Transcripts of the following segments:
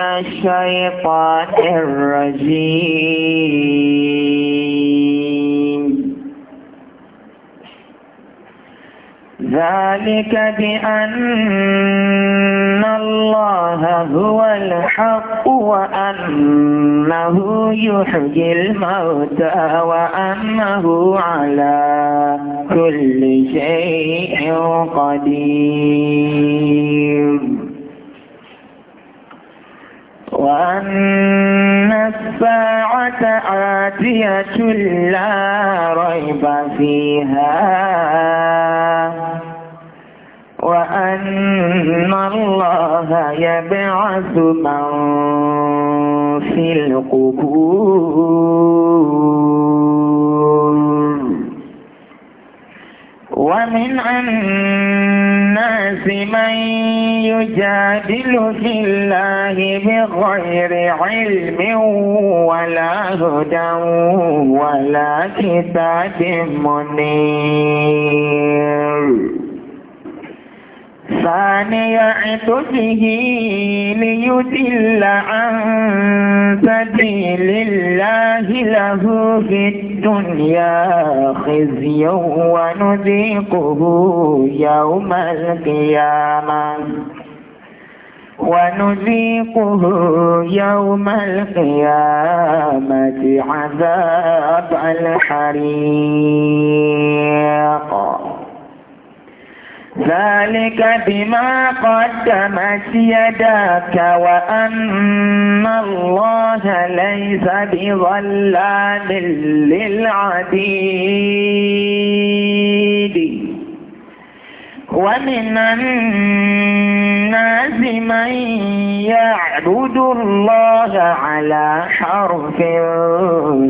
الشيطان الرجيم ذلك بأن الله هو الحق وأنه يحيي الموتى وأنه على كل شيء قدير وأن الساعة آتية لا ريب فيها وأن الله يبعث من في القبور ومن الناس من يجادل في الله بغير علم ولا هدى ولا كتاب منير ثاني به ليدل عن سبيل الله له في الدنيا خزي ونذيقه يوم القيامة ونذيقه يوم القيامة عذاب الحريق ذلك بما قدمت يداك وأن الله ليس بظلام للعبيد ومن الناس من يعبد الله على حرف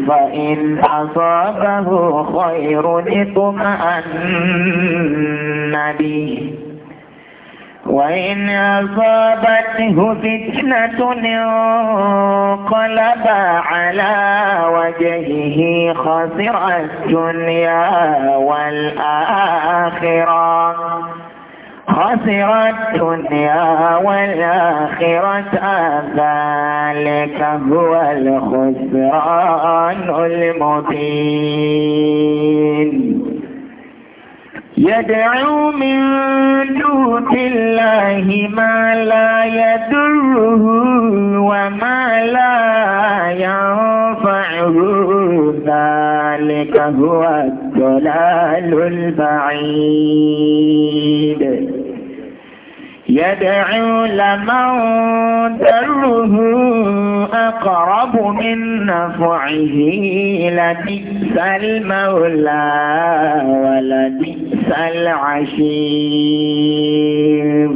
فإن أصابه خير اطمأن به وإن أصابته فتنة انقلب على وجهه خسر الدنيا والآخرة خسرت الدنيا والآخرة ذلك هو الخسران المبين يدعو من دون الله ما لا يدره وما لا ينفعه ذلك هو الضلال البعيد يدعو لمن دره أقرب من نفعه لبئس المولى ولبئس العشير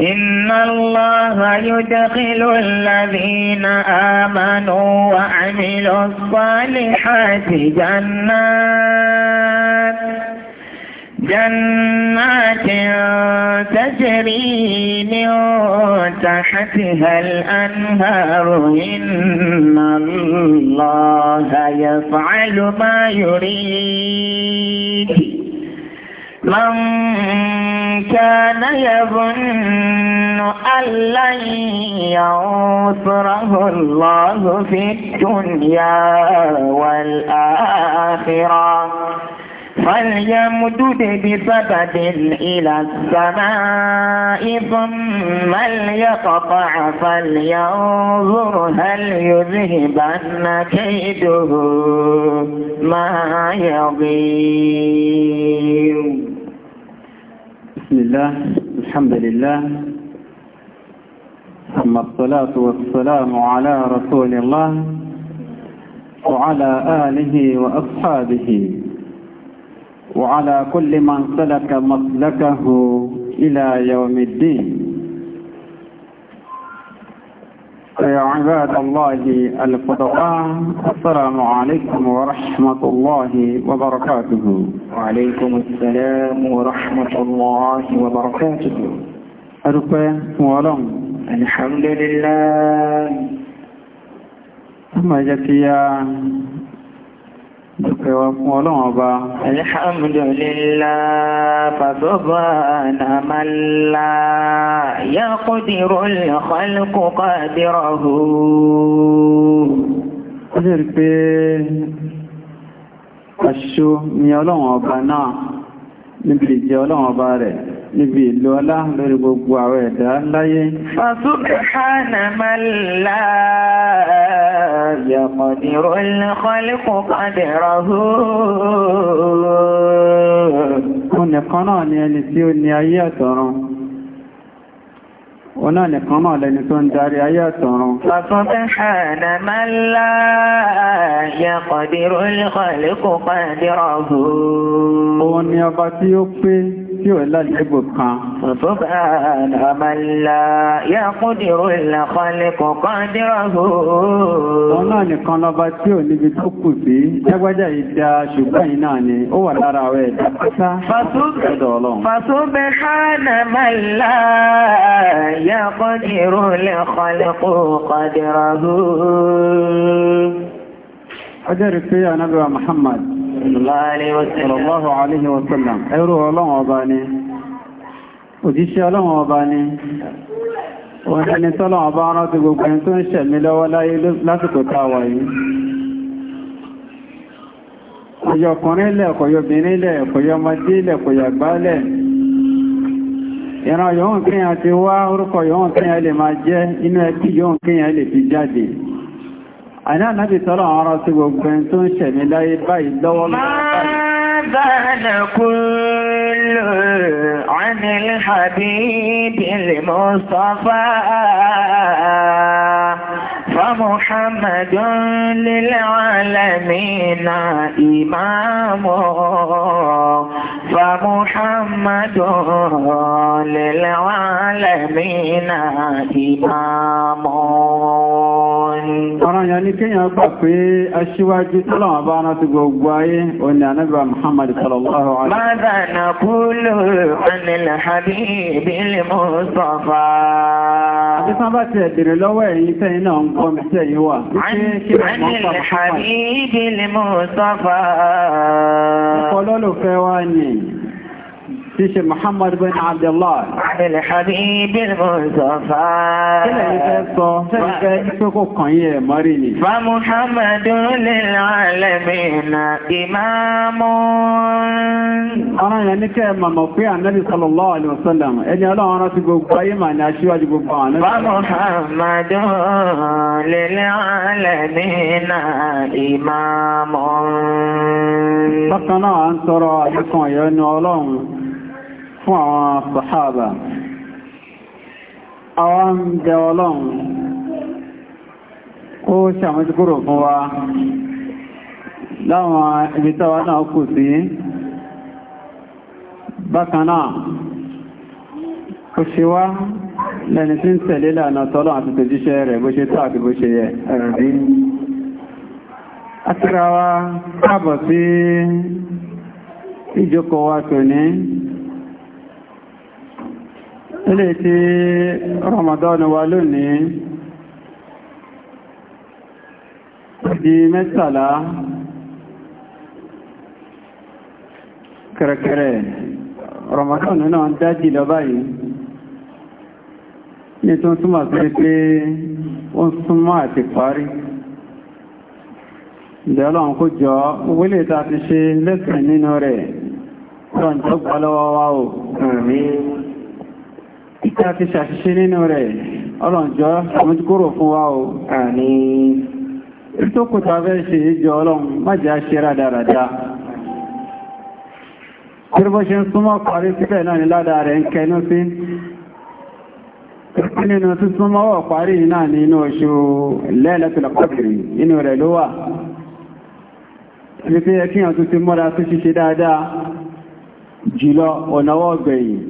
إن الله يدخل الذين آمنوا وعملوا الصالحات جنات جنات تجري من تحتها الأنهار إن الله يفعل ما يريد من كان يظن أن لن ينصره الله في الدنيا والآخرة فليمدد بسبب إلى السماء ثم ليقطع فلينظر هل يذهبن كيده ما يغير بسم الله الحمد لله ثم الصلاة والسلام على رسول الله وعلى آله وأصحابه وعلى كل من سلك مسلكه إلى يوم الدين يا عباد الله الفضلاء السلام عليكم ورحمة الله وبركاته وعليكم السلام ورحمة الله وبركاته أرقى ولم الحمد لله ثم جاء Dúpẹ́ wa fún ọlọ́run ọba. Alhamdulillah, fàbọ́bọ́ ànàmàlá, yá kó dìrò lọ́kọ́lùkù kọ́ dìrò hù. Ó lè rí pé níbi ìlú ọlá lórí gbogbo àwọn ẹ̀dá láyé. Fasubhana man la yaqdiru al-khalqu qadrahu. Ó nìkan náà ni ẹni tí ó ní ayé àtọ̀run. Ó náà nìkan náà lẹni tó ń darí ayé àtọ̀run. Fasubhana man la yaqdiru al-khalqu qadrahu. Ó ní ọba tí ó pé tí ò lálẹ́gbò kan. Subhana man la yaqdiru al-khalqu qadrahu. Òun náà nìkan lọ́ba tí ò níbi tó kù sí, jágbájá ìdá ṣùgbọ́n yìí náà ni ó wà lára rẹ̀ dákátá. Subhana man la yaqdiru al-khalqu Sallallahu alayhi wa sallam. Ẹrú ọlọ́run ọba ni, òjíṣẹ́ ọlọ́run ọba ni, òun ẹni tọ́lọ́run ọba rántí gbogbo ẹni tó ń ṣẹ̀mí lọ́wọ́ láyé lásìkò táwà yìí. Kòyọ̀ ọkùnrin lẹ̀, kòyọ̀ obìnrin lẹ̀, kòyọ̀ ọmọdé lẹ̀, kòyọ̀ Ìran yòóhùn kíyàn ti wá orúkọ yòóhùn kíyàn lè máa jẹ́ inú ẹbí yòóhùn kíyàn lè fi jáde. أنا نبي صلى الله عليه وسلم وقنت شمي لا يبا إلا ماذا نقول عن الحبيب المصطفى فمحمد للعالمين إمام فمحمد للعالمين إمام ọ̀ràn yẹn ní kíyàn gbà pé aṣíwájú tọ́lọ̀wọ̀n bá rántí gbogbo ayé òní ànábà muhammadu sallallahu alaihi wasallam. mada na kúlò anìlẹ̀ habibi tí Muhammad bin Abdullah. Àdìlẹ̀ Habibi Mùsọ̀fà. Kílẹ̀ ìfẹ́ sọ, fẹ́ ìfẹ́ kò kàn yí ẹ̀ mọ́rí ni. Fa Muhammadu lil alamina imamun. Ọ̀nà yẹn ní kẹ́ mọ̀mọ̀ pé ànábì sallallahu alaihi wasallam, ẹni ọlọ́run rán sí gbogbo ayé mà ní aṣíwájú gbogbo àwọn náà. Fa Muhammadu lil alamina imamun. Bákan náà, à ń sọ̀rọ̀ àdékan ìyọnu ọlọ́run. fún àwọn sàhábà àwọn ń bẹ ọlọ́run ó ṣàmójúkúrò fún wa láwọn ibi tọ́wà náà kù sí bákan náà kò ṣe wá lẹ́ni tí ń tẹ̀lé lànà tọ́lọ́ àti tòjíṣẹ́ rẹ̀ bó ṣe tó àti bó ṣe yẹ sí wa ilé tí Ramadan wa lónìí di mẹ́tàlá kẹrẹkẹrẹ Ramadan náà ń dájì lọ báyìí ní tó túnmà sí pé ó súnmọ́ àti parí ìdẹ́lọ́ kó jọ wílé ta ti ṣe lẹ́sẹ̀ nínú rẹ̀ lọ́njọ́ gbọ́lọ́wọ́wọ́ títà fi ṣàṣiṣẹ́ nínú rẹ̀ ọlọ́njọ́ àmójúkúrò fún wa o àní tó kò tàbẹ́ ṣe ìjọ ọlọ́run májá ṣe rádaràdá tí bó ń súnmọ́ parí síbẹ̀ náà ni ládà rẹ̀ ń kẹnú sí nínú tí súnmọ́ wọ̀ parí náà ni inú oṣù lẹ́ẹ̀lẹ́tìlẹ̀ kọ́bìrì inú rẹ̀ ló wà ibi tí ẹkíyàn tó ti mọ́ra tó jùlọ ọ̀nàwọ́ gbẹ̀yìn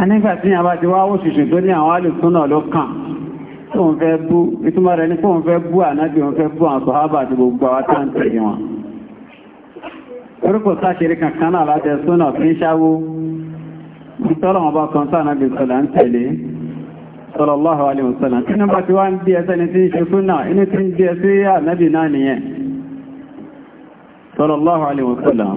anígbàtí àbá ti wá ó ṣìṣì tó ní àwọn alùsúnà ló kàn tó ń fẹ́ bú ìtumọ̀ rẹ̀ ní fóun fẹ́ bú ànábì òun fẹ́ bú àwọn sọ̀hábà àti gbogbo àwọn táǹtì wọn orúkọ sáṣẹ́rí kankan sallallahu alaihi wasallam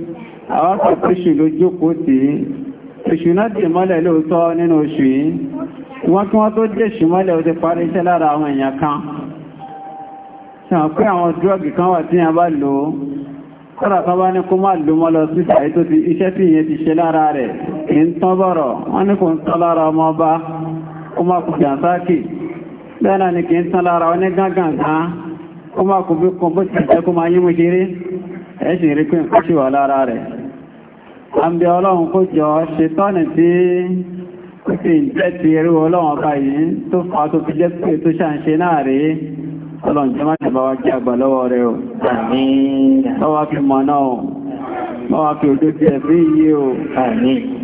àwọn kàfíṣù ló jókòó tí oṣù náà dì mọ́lẹ̀ lóòótọ́ nínú oṣù yìí wọ́n kí wọ́n tó dèṣù mọ́lẹ̀ ó ti parí iṣẹ́ lára àwọn èèyàn kan ṣàn pé àwọn drug kan wà tí yàn bá lò ó kọ́rà kan bá ní kó má lò mọ́ lọ sí sàí tó ti iṣẹ́ tí ìyẹn ti ṣe lára rẹ̀ ń tán bọ̀rọ̀ wọ́n ní kò ń tán lára ọmọ ọba kó má kù jàǹsákì bẹ́ẹ̀ ni kì ń tán lára onígángàngán kó má kù bí kan bó ti jẹ́ kó má yí mú kiri ẹ̀ rí pé nǹkan ṣì wà lára rẹ̀ àmì ọlọ́run kó jọ ṣetọ́nì tí ó fi ìjẹ́ ti ẹrú ọlọ́run ọba yìí tó fà tó fi jẹ́ pé tó ṣàǹṣe náà rí ọlọ́run jẹ́ máa tẹ̀bá wá kí àgbà lọ́wọ́ rẹ̀ o lọ́wọ́ fi mọ̀ náà o lọ́wọ́ fi òjò ti ẹ̀fí yìí o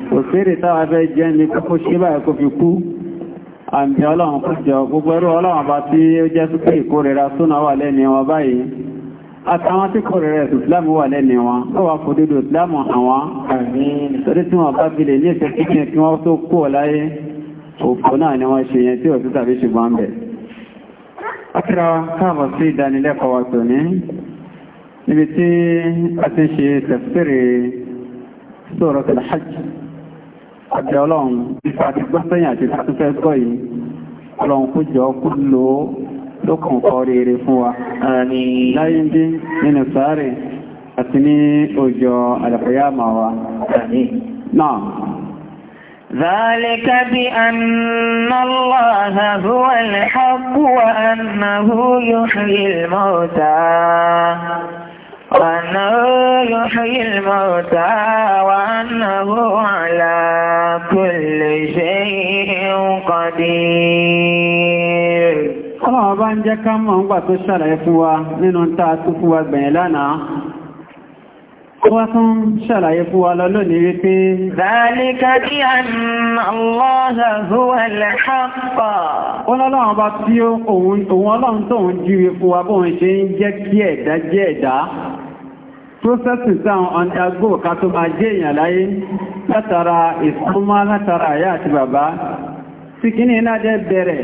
kò fèrè táwa fẹ́ jẹ́ ní kókó àmì ọlọ́run kó jọ gbogbo ẹrú ọlọ́run ọba tí ó jẹ́ súpé ìkórira súnà wà lẹ́ni wọn báyìí àtàwọn tí kọ̀rọ̀ rẹ̀ ìsìláàmù wà lẹ́ni wọn ó wà kò dédò ìsìláàmù àwọn torí tí wọ́n bá bilẹ̀ ní ìfẹ́ kíkẹ́ kí wọ́n tó kó láyé òpó náà ni wọ́n ṣe yẹn tí ò sí tàbí ṣùgbọ́n bẹ̀. akíra káàbọ̀ sí ìdánilẹ́kọ̀ọ́ wa tòní níbi tí a ti ṣe tafsiri suratul hajj àti ọlọ́run àti gbọ́sẹ̀yìn àti tàtúfẹ́ gbọ́ yìí ọlọ́run kó jọ kó lò lókùn kọ rere fún wa láyé ń bí nínú sáré àti ní ọjọ́ àlàkòyàmà wa ذلك بأن الله هو الحق وأنه يحيي الموتى وأنه يحيي الموتى وأنه على كل شيء قدير ọlọ́wọ́ bá ń jẹ́ ká mọ̀ ń gbà tó ṣàlàyé fún wa nínú táa tó fún wa gbẹ̀yìn lánàá wá tún ṣàlàyé fún wa lọ́lọ́ni wípé Zalika bí Allaha huwa al-haqq ọlọ́wọ́ bá tí òun ọlọ́run tóun jíwe fún sáwọn ọ̀nàgbò ká tó máa jẹ́ èèyàn láyé látara ìsúnmọ́ látara àyà àti bàbá tí kí ní iná jẹ́ bẹ̀rẹ̀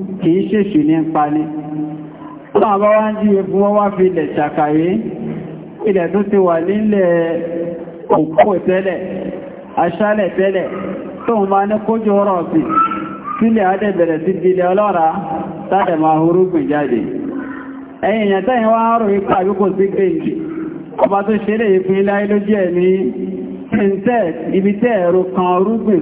kìí ṣèṣù ní pa ní náà bá wá ń jí egun wọ́n wá fi ilẹ̀ ṣàkàyé ilẹ̀ tó ti wà nílẹ̀ òkú tẹ́lẹ̀ aṣálẹ̀ tẹ́lẹ̀ tó ń máa ní kójú ọ̀rọ̀ sí sílẹ̀ adẹ́bẹ̀rẹ̀ sí ilẹ̀ ọlọ́ra tàbí máa horúgbìn jáde ẹ̀yìn ìyàn orúgbìn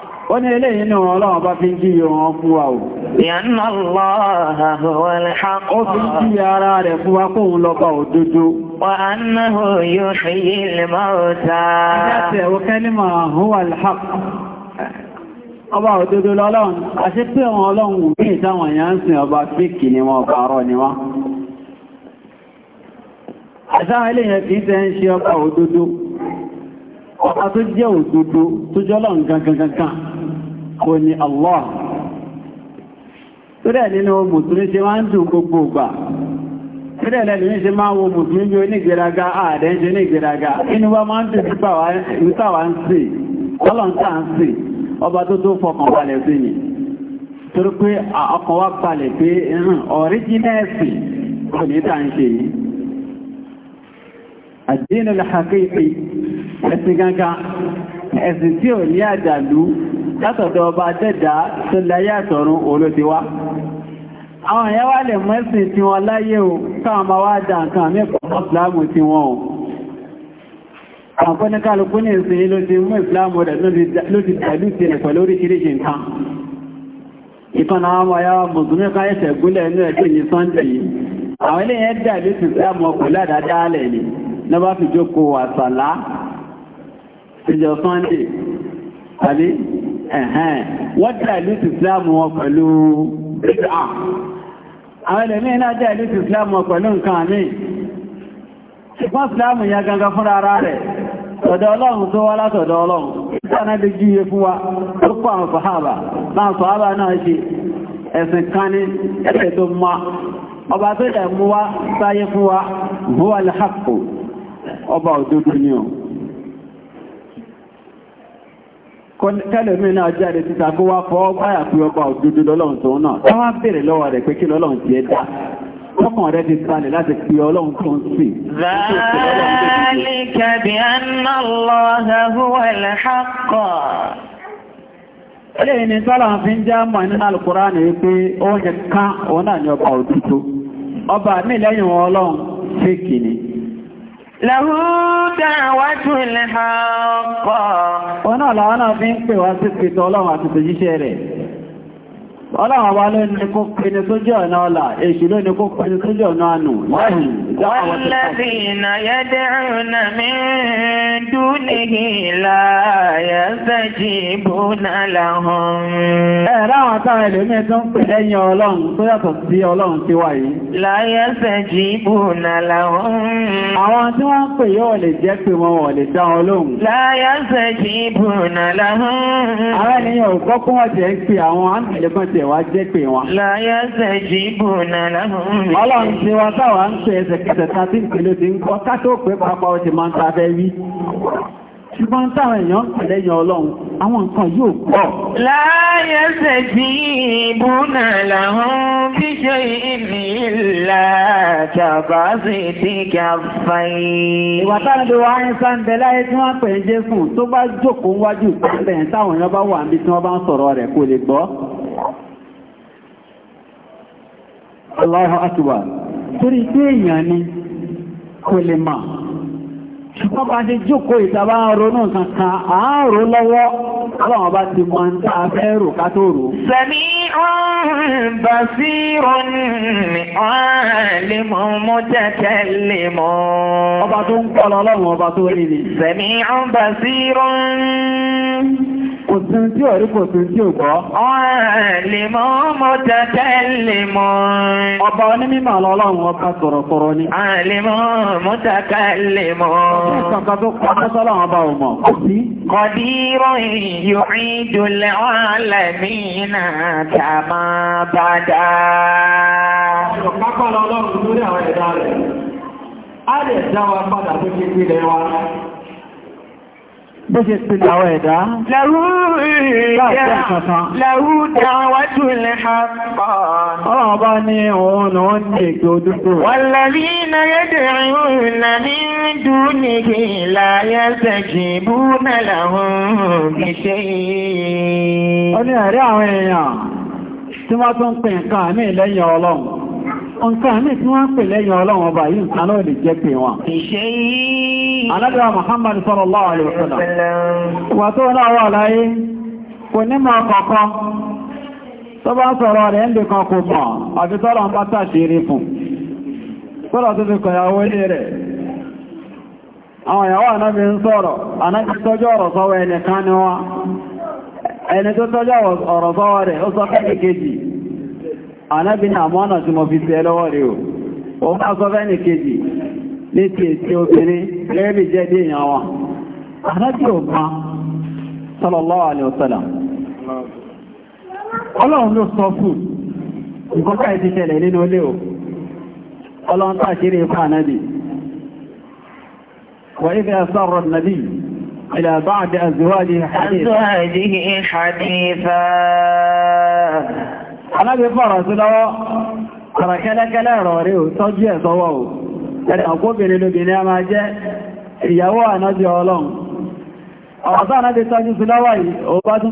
ó ní ilé inú ọlọ́run bá fi ń jíyọ wọn fún wa ò ìyànnà lọ́wọ́lẹ̀ ó fi ń jí ara rẹ̀ fún wa kóhun lọ́pàá òdodo wà annahu yuhyi al ọba òdodo lọ́lọ́run àṣẹ pé wọn ọlọ́run bí ìtàwọn èèyàn ń sin ọba fíkì ni wọn ọba ni wọn àṣáwọn eléyàn kìí tẹ́ ń ṣe ọba òdodo ọba tó jẹ́ òdodo tó jọ́lọ́run gangan gangan kò ní Allah tó dẹ̀ nínú mùsùlùmí ṣe máa ń dùn gbogbo ìgbà tó dẹ̀ lẹ́lùmí ṣe máa wo mùsùlùmí bí onígbèraga ààrẹ ń ṣe inú wa máa ń dùn sí ń sè ọlọ́ntà ń sè ọba tó tó látọ̀dọ̀ ọba dẹ́dà tó láyé àtọ̀run olótiwá àwọn èèyàn wá lè mẹ́sìn tí wọ́n láyé o káwọn ma wá dà nǹkan mẹ́kọ̀ọ́ ìsìláàmù tí wọ́n o àkọ́ní kálukú ní ìsìn ló ti mú ìsìláàmù rẹ̀ ló ti tẹ̀lú ti rẹ̀ pẹ̀lú oríṣiríṣi nǹkan ìkan àwọn ọmọ ayáwá mùsùlùmí ká ẹ̀sẹ̀ gúnlẹ̀ inú ẹ̀kẹ́ ní sunday yìí àwọn ilé yẹn dà ló ti ìsìláàmù ọkọ̀ ládàádáálẹ̀ ni lọ́bá fi jókòó àsàlá ìjọ sunday tàbí ẹ̀hẹ́n wọ́n dá ìlú ìsìlámù wọn pẹ̀lú bídá àwọn ẹlẹ́mí náà dá ìlú ìsìlámù wọn pẹ̀lú nǹkan àmì ya gangan fúnra ara rẹ̀ ọ̀dọ̀ ọlọ́run tó wá látọ̀dọ̀ ọlọ́run wa ọba tó sáyé fún wa ọba o kẹ́lẹ̀mí náà na títa kó wá fọ́ báyà ọba òdúdú lọ́lọ́run tó náà tó wá bèèrè lọ́wọ́ rẹ̀ pé kí lọ́lọ́run ti ẹ dá rẹ̀ ti sálẹ̀ láti pè ọlọ́run tó ń sì ń ń ọba Ọba mi ọlọ́run Lẹ́hú dáwàtú ilẹ̀ ha kọ́. Wọ́n náà làwọn náà fi ń pè wá sí pẹ̀tọ́ ọlọ́run àti tòjíṣẹ́ rẹ̀ ọlọ́wọ̀n wa lẹ́nu ni kó pinnu tó jẹ́ ọ̀nà ọlá èṣù lẹ́nu kó pinnu tó jẹ́ ọ̀nà ànù wáyìí dáwọn Àwọn tí wọ́n pè yóò lè jẹ́ pé wọn wọ̀ lè dá ọlọ́run. Láyásẹ̀ jí bùnà láhún. Àwọn ènìyàn ò gbọ́kún ọ̀jẹ̀ ń pè àwọn àmìlẹ́gbọ́n ti tẹ̀ wá jẹ́ pé wọn. Láyé ẹsẹ̀ jí bò náà láhùn mi. Ọlọ́run ti wọn táwa ń pè ẹsẹ̀ kẹsẹ̀ ta tí ìpele ti ń kọ́ ká tó pé pápá ó ti máa ń ta fẹ́ wí. Ṣùgbọ́n táwọn èèyàn ń pẹ̀lẹ́ yan Ọlọ́run, àwọn nǹkan yóò pọ̀. Láyé ẹsẹ̀ jí bò náà láhùn bí ṣe ìmì ìlà kàbá sí ti kàfà yìí. Ìwà táwọn ìdòwò àyínsá ń bẹ láyé tí wọ́n pè ń jésù tó bá jókòó wájú ìpínlẹ̀ táwọn èèyàn bá wà níbi tí wọ́n bá ń sọ̀rọ̀ rẹ̀ kò lè gbọ́. Allahu Akbar torí tí èèyàn ni kò lè mà ṣùgbọ́n bá ṣe jókòó ìtàbá ronú kankan àárò lọ́wọ́ ọlọ́wọ́ bá ti mọ́ ń tàà fẹ́ rò ká tó rò. Sami'un basirun alimun mutakallimun. Ọba tó ń kọ́ lọ́lọ́run ọba tó rí ni kò sí tí ò rí kò sí tí ò gbọ́. ọ̀rẹ́lẹ̀mọ́ mọ́ tẹ́kẹ́lẹ̀mọ́. ọba ọba sọ̀rọ̀sọ̀rọ̀ ni. ọ̀rẹ́lẹ̀mọ́ tó kọ́ sọ́lọ́run ọba bó ṣe pèlè àwọn ẹ̀dá láàrú dáwàtú lè hàpá ọlọ́wọ́ bá ní òun nà ó ní ètò òdúgbò wàlàrí na yẹ́dẹ̀ ìrìnà ní dúnìí láyẹ́sẹ̀ jì bú mẹ́lá ohun nǹkan ní tí wọ́n ń pè lẹ́yìn ọlọ́run ọba yìí nǹkan náà lè jẹ́ pé wọn. alábíwá Muhammad sallallahu alaihi wasallam wà tó náà wà láyé kò ní mọ̀ kọ̀ọ̀kan tó bá sọ̀rọ̀ rẹ̀ ń lè kan kò mọ̀ àti tọ́lọ̀ ń bá tàṣírí anábìnà àmọ́nà tí mo fi tẹ́ lọ́wọ́ rí o o bá sọ fẹ́ni kejì ní ti ètí obìnrin lẹ́rì jẹ́ dé èèyàn wọn anábì ò gbọ́n sallallahu إلى بعض أزواجه حديثا alábi fọ́rọ̀ sí lọ́wọ́ ọ̀rọ̀ kẹ́lẹ́kẹ́lẹ́ ọ̀rọ̀ rí ò tọ́jú ẹ̀ sọ́wọ́ ò ẹ̀dàkóbìnrin lóbìnrin a máa jẹ́ ìyàwó ànábí ọlọ́run ọ̀tọ́ ànábí tọ́jú sí lọ́wọ́ yìí ò bá tún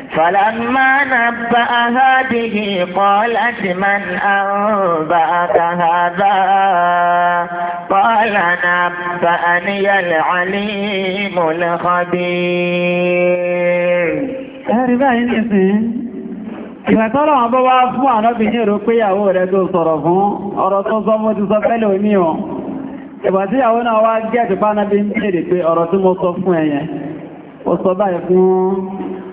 فلما نبأها به قالت من أنبأك هذا قال نبأني العليم الخبير ẹ̀rí báyìí nìsìn ìgbàtọ́rọ̀ àwọn bọ́wá fún àrọ́bìnrin rò pé ìyàwó rẹ̀ tó sọ̀rọ̀ fún ọ̀rọ̀ tó sọ mọ́ ti sọ pẹ́lẹ̀ oníhàn ìgbà tí ìyàwó náà wá gẹ́ẹ̀tì pánábí ń bèèrè pé ọ̀rọ̀ tí mo sọ fún ẹ̀yẹn ó sọ báyìí fún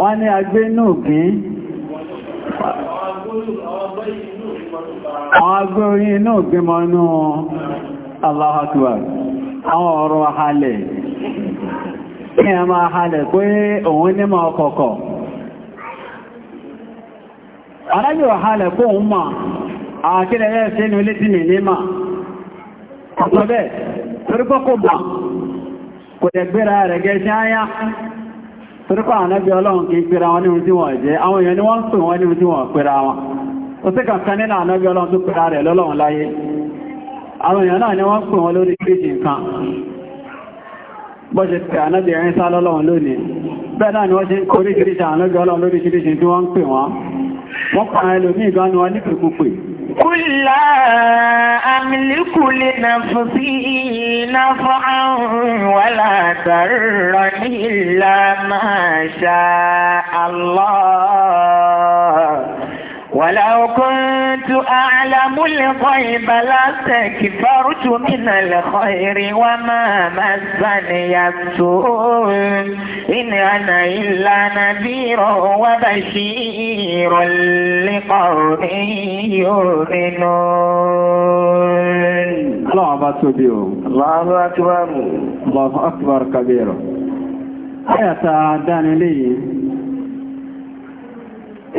wọ́n ní agbé náà gbín àwọn agbé oyin náà àwọn ọ̀rọ̀ kí a máa halẹ̀ pé òun ní máa kọ̀kọ̀ arábí ò halẹ̀ òun máa àkílẹ̀ rẹ̀ ọ̀sọ̀bẹ̀ torípọ́ kò kò gbéra rẹ̀ gẹ́ torípa ànábí ọlọ́run kìí pèrà wọn níhun tí wọ́n jẹ́ àwọn èèyàn ni wọ́n ń pè wọ́n níhun tí wọ́n pèrà wọn ó sì kankan nínú ànábí ọlọ́run tó pèrà rẹ̀ lọ́lọ́run láyé àwọn èèyàn náà ni wọ́n pè wọ́n lórí kéjì nǹkan bọ́ṣe pè ànábí ni wọ́n ṣe ń korí kìrìṣà ànábí ọlọ́run lórí kìrìṣì tí wọ́n ń pè wọ́n wọ́n pàrọ̀ ẹlòmí قل لا أملك لنفسي نفعا ولا ضرا إلا ما شاء الله ولو كنت أعلم الغيب لاستكبرت من الخير وما مسني السوء إن أنا إلا نذير وبشير لقوم يؤمنون الله أكبر الله أكبر الله أكبر كبير آية داني لي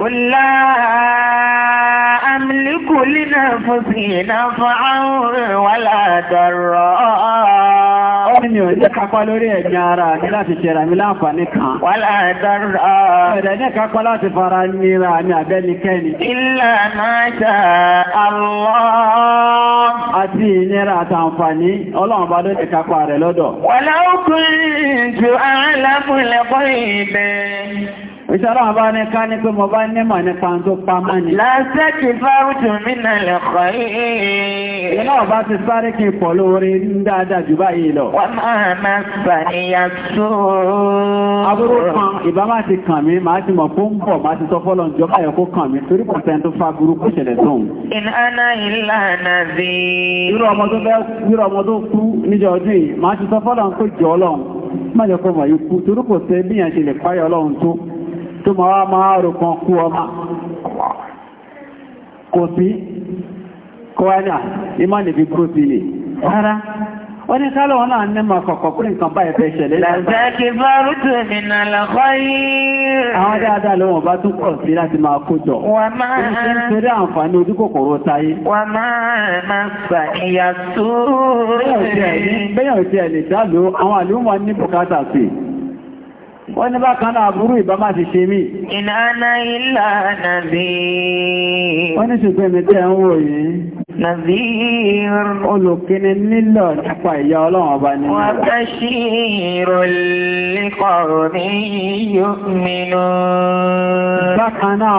قل لا أملك لنفسي نفعا ولا ضرا mi ò ní kápá lórí ẹ̀gbìn ara mi láti ṣẹ̀rà mi láǹfààní kan. Wà láàdọ́rọ̀. Ẹ̀rẹ̀ ní kápá láti fara nira mi àbẹ́nikẹ́ni. Illa ma sha Allah. Àti ìnira àtàǹfààní, ọlọ́run bá lóde kápá rẹ̀ lọ́dọ̀. Wà láókùnrin jù Ìṣọ́rọ̀ àbá ní ká ní pé mo bá nímọ̀ nípa tó pa mọ́ ni. Lásẹ́kì fárútù mí nà lè kọ̀ yìí. Iná ọba ti sáré kí pọ̀ lórí ń dáadáa jù báyìí lọ. Wọ́n máa ma sàníyà tó. Aburú kan ìbá máa ti kàn mí, máa ti mọ̀ kó ń bọ̀, máa ti sọ fọ́lọ́ ìjọ báyọ̀ kó kàn mí torí pọ̀tẹ́ tó fa burúkú ṣẹlẹ̀ tóun. Ìnáná ìlànà bí. Irú ọmọ tó kú níjọ ọdún yìí, máa ti sọ fọ́lọ́ ń pè jọ ọlọ́run. Má jẹ́ kó mọ̀ ikú torí pọ̀tẹ́ bí yẹn ṣe lè páyọ̀ ọlọ́run tó tó ma wá máa rò kú ọmá kò sí kọ́wàdà ìmáàlì fi kúrò rárá wọ́n ní kálọ̀ wọn náà ní kọ̀kọ̀ kúrò nǹkan bá tún kọ̀ sí láti máa kójọ wọ́n máa ń tẹ́rẹ àǹfààní ojú wọ́n ní bá kan náà burú ìbá máa ti ṣe mí. ìnáná ilá nàbí. wọ́n ní ṣùgbọ́n mi tẹ́ ń wò yìí. nàbí. olùkíni nílò nípa ìyá ọlọ́run ọba ni. wọ́n fẹ́ ṣí ìrọ̀lẹ́kọ̀ọ́ yóò Bákan náà,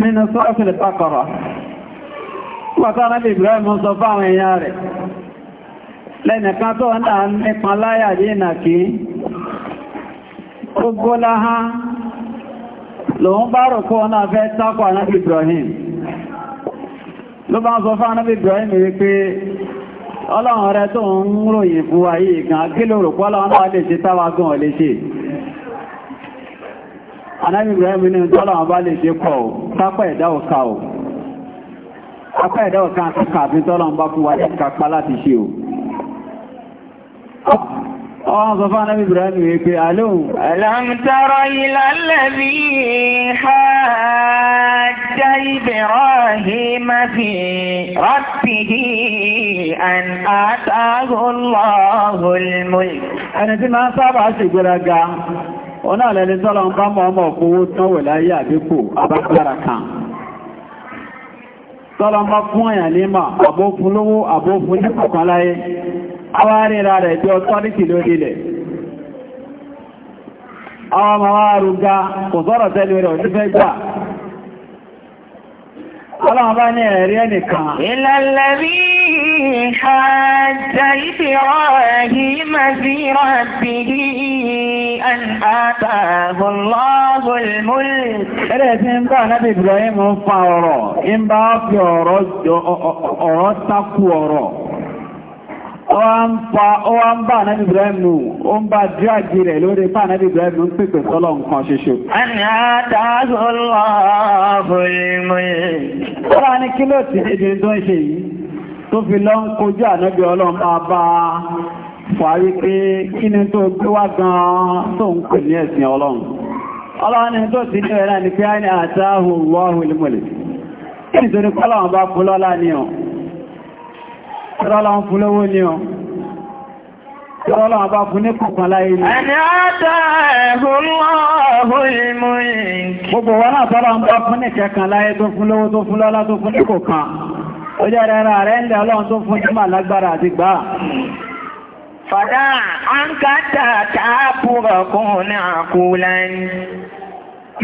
nínú sọ́ọ̀fẹ́lẹ̀ pàkọ̀rọ̀. Pàtàrà lè bẹ̀rẹ̀ mọ́ sọ fáwọn èèyàn rẹ̀. Lẹ́nìkan tó ń dáa nípa láyà yìí kí, ó gbólá ha, lòun bá rò náà fẹ́ tákọ̀ Ibrahim. Ló bá ń sọ fáwọn Ibrahim ọlọ́run tó ń ròyìn náà anábì Ibrahim ní tọ́lọ̀ wọn bá lè ṣe kọ̀ ọ́ sápá ẹ̀dá ọ̀ka ọ̀ apá ẹ̀dá ọ̀ka àtúkà àfi tọ́lọ̀ wọn bá fún wa ẹ̀ka pa láti ṣe ò Ọwọ́n sọ fún Anábì Ibrahim wé pé àlóhùn. Alam tara ila alladhi hajja Ibrahima fi rabbihi an atahu Allahul mulk. Ẹni tí máa sábà ṣègbéraga ọ̀nà àlẹ́ni tọ́lọ ń bá mọ́ ọmọ òkúwó tánwò láyé àdíkù àbágbára kan tọ́lọ ń bá fún àyàn nímọ̀ àbófún lówó àbófún nípọ̀kan láyé awárínra rẹ̀ jọ tọ́lìkì lórí Ọlọ́run bá ní ẹ̀rí ẹnìkan. Ìlàlẹ́rí hajjá Ibrahim sí rabbihi an atahu Allahul mulk. Ẹrẹ́ tí ń bá náà Ibrahim ń fa ọ̀rọ̀, ń bá fi ọ̀rọ̀ takú ọ̀rọ̀. Ọwá ń bá Nàbí Ibrahimu, ó ń bá díàjì rẹ̀ lórí pà Nàbí Ibrahimu ń pèpè sọ́lọ̀ nǹkan ṣoṣo. Ẹni àdáàzọ́ lọ́wọ́ Ọlá ní kí ló ti ẹjẹ́ tó ń ṣe yìí tó fi lọ ń kojú ànábì ọlọ́run máa bá wàrí pé kí ni tó gbé wá gan-an tó ń pè ní ẹ̀sìn ọlọ́run. Ọlọ́run ni tó ti ní ẹ̀rẹ́ ni pé a ní àtàhùn lọ́hùn ilmọ̀lẹ̀. Kí ni tó ní kọ́lọ́run bá fún lọ́lá ní ọ̀? Ìrọ́lá ń fún lówó ní ọ. Ìrọ́lá ń bá fún ní kùnkàn láyé ní. Ẹni àtà ẹ̀hùn lọ́ọ̀hùn ìmú ìyìn. Gbogbo wọn náà tọ́lá ń bá fún ní kẹkàn láyé tó fún lówó tó fún lọ́lá tó fún ní kùnkàn. Ó jẹ́ rẹ̀ra rẹ̀ ń lẹ́ ọlọ́run tó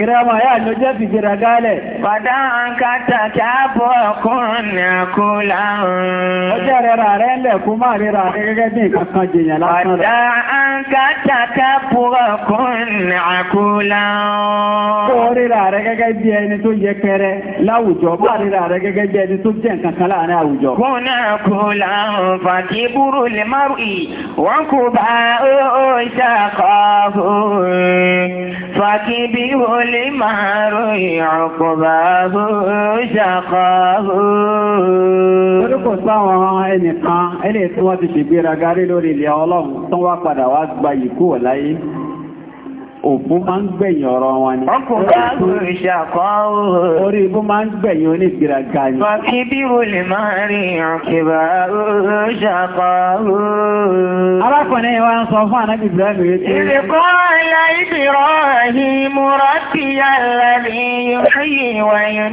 Ìrẹ́mà yà ló jẹ́ fìjìrà gálẹ̀. Fàdá àǹkátà kí a bọ́ ọkùnrin àkúlà ọ̀rùn. Ó jẹ́ rẹ̀rà rẹ̀ lẹ̀ kú máa rírà gẹ́gẹ́ bí nǹkan kan jìyàn lásán rẹ̀. Fàdá àǹkátà kí a bọ́ ọkùnrin àkúlà ọ̀rùn. Kó rírà ó ó الْمَارُ عُقْبَاهُ شَقَاهُ Orúkọ sáwọn ẹnìkan, ẹni tí wọ́n ti ṣègbéraga rí lórí ilẹ̀ ọlọ́run tó wá padà wá gba ìkú ọ̀láyé òbú máa ń gbẹ̀yìn ọ̀rọ̀ wọn ni. ọkùnrin àgbò ìṣàkọ́ ooo. orí ibú máa ń gbẹ̀yìn onígbìràgà ni. fàkí bí o lè máa rí wa ń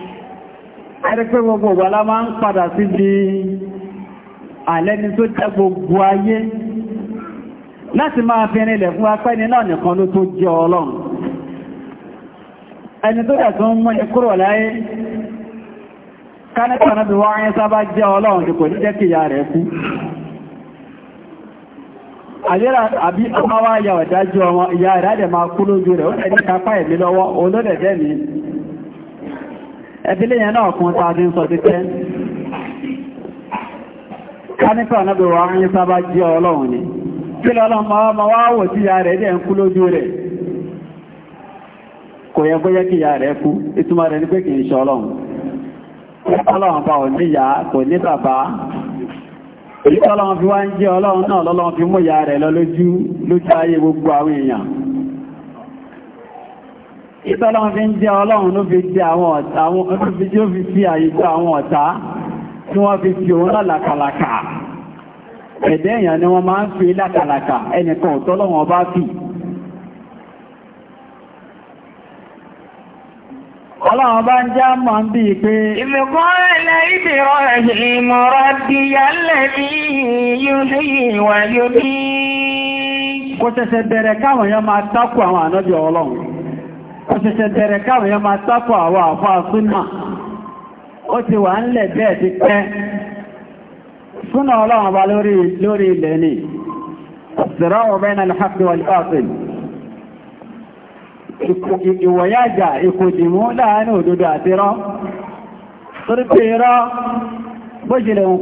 ẹ̀rẹ́ pé gbogbo ọ̀gbàlá máa ń padà sí di àlẹ́ni tó jẹ́ gbogbo ayé láti máa fi ẹrinlẹ̀ fún apẹ́ni náà nìkan ló tó jẹ́ ọlọ́run ẹni tó dẹ̀ tó ń mọ́ni kúrò láyé kánẹ́kọ̀ọ́ náà bí wọ́n ayé sábá jẹ́ ọlọ́run kò ní jẹ́ kí ìyá àbí ọmọ wá yà ọ̀dájú ọmọ ìyá rẹ̀ máa kú lójú rẹ̀ ó tẹ̀ ní kápá ẹ̀mí lọ́wọ́ olóòdẹ̀dẹ̀ ní ẹ̀bílẹ̀ yẹn náà kún tàbí ń sọ títẹ́ kánífà náàbí wà ń sábà jẹ́ ọlọ́run ni kí lọ́lọ́run ma wá wò tí ya rẹ̀ dẹ̀ ń kú lójú rẹ̀ kò yẹ bóyẹ́ kí ya rẹ̀ kú ìtumọ̀ rẹ̀ ní pé kì ń ọlọ́run ìtọ́lọ́run fi ń jẹ́ ọlọ́run ló fi jẹ́ àwọn ọ̀tá ló fi sí àyíká àwọn ọ̀tá tí wọ́n fi fi òun lálàkàlàkà ẹ̀dẹ́ èèyàn ni wọ́n máa ń fi lákàlàkà ẹnìkan ọba fi Ọlọ́run bá ń ń bí pé kò ṣẹ̀ṣẹ̀ bẹ̀rẹ̀ káwọn yẹn máa sápọ̀ àwọn àfọ́ àsúnà ó ti wà ń lẹ̀ bẹ́ẹ̀ ti pẹ́ súnà ọlọ́run bá lórí ilẹ̀ ni as-sirā'u bayna al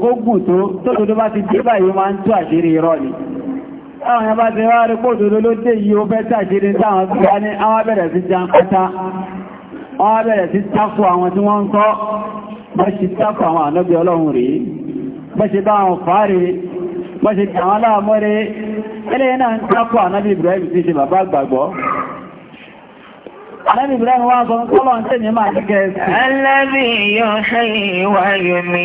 kó gùn tó tó tó bá ti dé báyìí máa ń tú àṣírí rọ́ ni àwọn ẹ̀bá ti wá rí pò tòrò ló dé yìí ó fẹ́ tàjírí táwọn tí wá ní àwọn bẹ̀rẹ̀ sí jan pátá wọ́n bẹ̀rẹ̀ sí tako àwọn tí wọ́n ń kọ́ bọ́ṣe tako àwọn ànọ́bí ọlọ́run rí bọ́ṣe bá àwọn fàárí bọ́ṣe tàwọn aláàmọ́rẹ́ ẹlẹ́yìn náà ń tako ànọ́bí Ibrahim ti ṣe bàbá àgbàgbọ́ Àlẹ́bì Ibrahim wá sọ kọ́lọ̀ ń tèmi máa ti gẹ̀ẹ́sì. Àlẹ́bì yóò ṣe ìwà yòmí.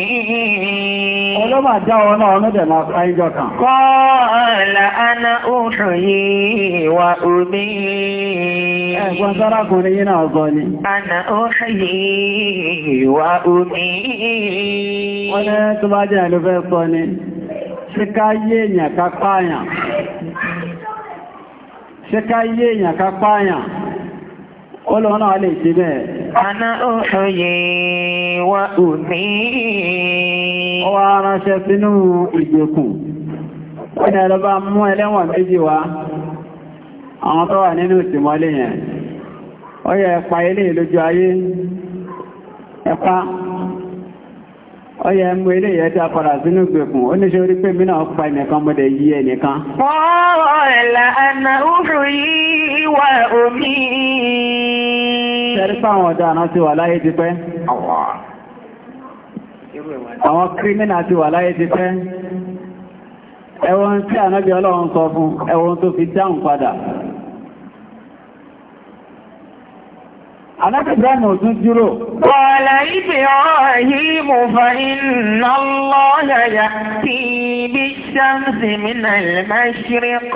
Olóbà já ọ náà ọ̀nà dẹ̀nà àìjọ kan. Kọ́ọ̀lá aná òṣù yìí wà omi. Ẹ̀gbọ́n sárakùnrin yìí náà ni. ni, Ọlọ́run alẹ́ ìṣe bẹ́ẹ̀. Àná òṣòye wa ò ní. Ọwọ́ aránṣẹ́ sínú ìgbèkùn. Ó ní ẹlọ́bá mú ẹlẹ́wọ̀n méjì wá, àwọn tó wà nínú ìtìmọ́lé yẹn. Ó yẹ ẹ̀pa ilé ìlójú ayé, ẹ̀pa. Ó yẹ mú ilé ìyẹ́ tí a padà sínú ìgbèkùn, ó ní ṣe orí pé mínà ọpa ẹnìkan mọ́dẹ̀ yí ẹnìkan. Ọ̀rọ̀ ẹ̀là àná òṣòye wa ò ẹ̀rí fáwọn ọ̀daràn ti wà láyé ti pẹ́ àwọn kírímínà ti wà láyé ti pẹ́ ẹwọ́n tí ànábí ọlọ́run sọ fún ẹwọ́n tó fi dáhùn padà Anábì Ibrahim òtún dúró. Qala Ibrahim fa bi-shamsi min al-mashriq.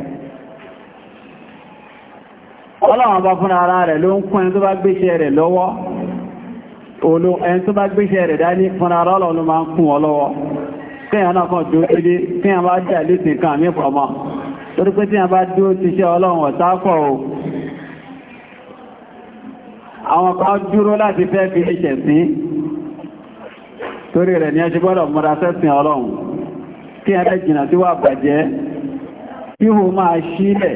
ọlọ́wọ́n bá fún ara rẹ̀ ló ń kún ẹni tó bá gbéṣẹ́ rẹ̀ lọ́wọ́ ẹni tó bá gbéṣẹ́ rẹ̀ dání fún ara ọlọ́wọ́ ló máa ń kún ọ lọ́wọ́ kíyàn náà kan dúró dédé kíyàn bá jà lóṣìn kan àmì fọmọ torí pé tíyàn bá dúró ti ṣe ọlọ́run ọ̀tápọ̀ o àwọn kan dúró láti fẹ́ fi ẹ̀ṣẹ̀ sí torí rẹ̀ ní ẹṣẹ́ gbọ́dọ̀ múra sẹ́sìn ọlọ́run kíyàn rẹ̀ jìnà tí wà bàjẹ́ kíhù máa ṣílẹ̀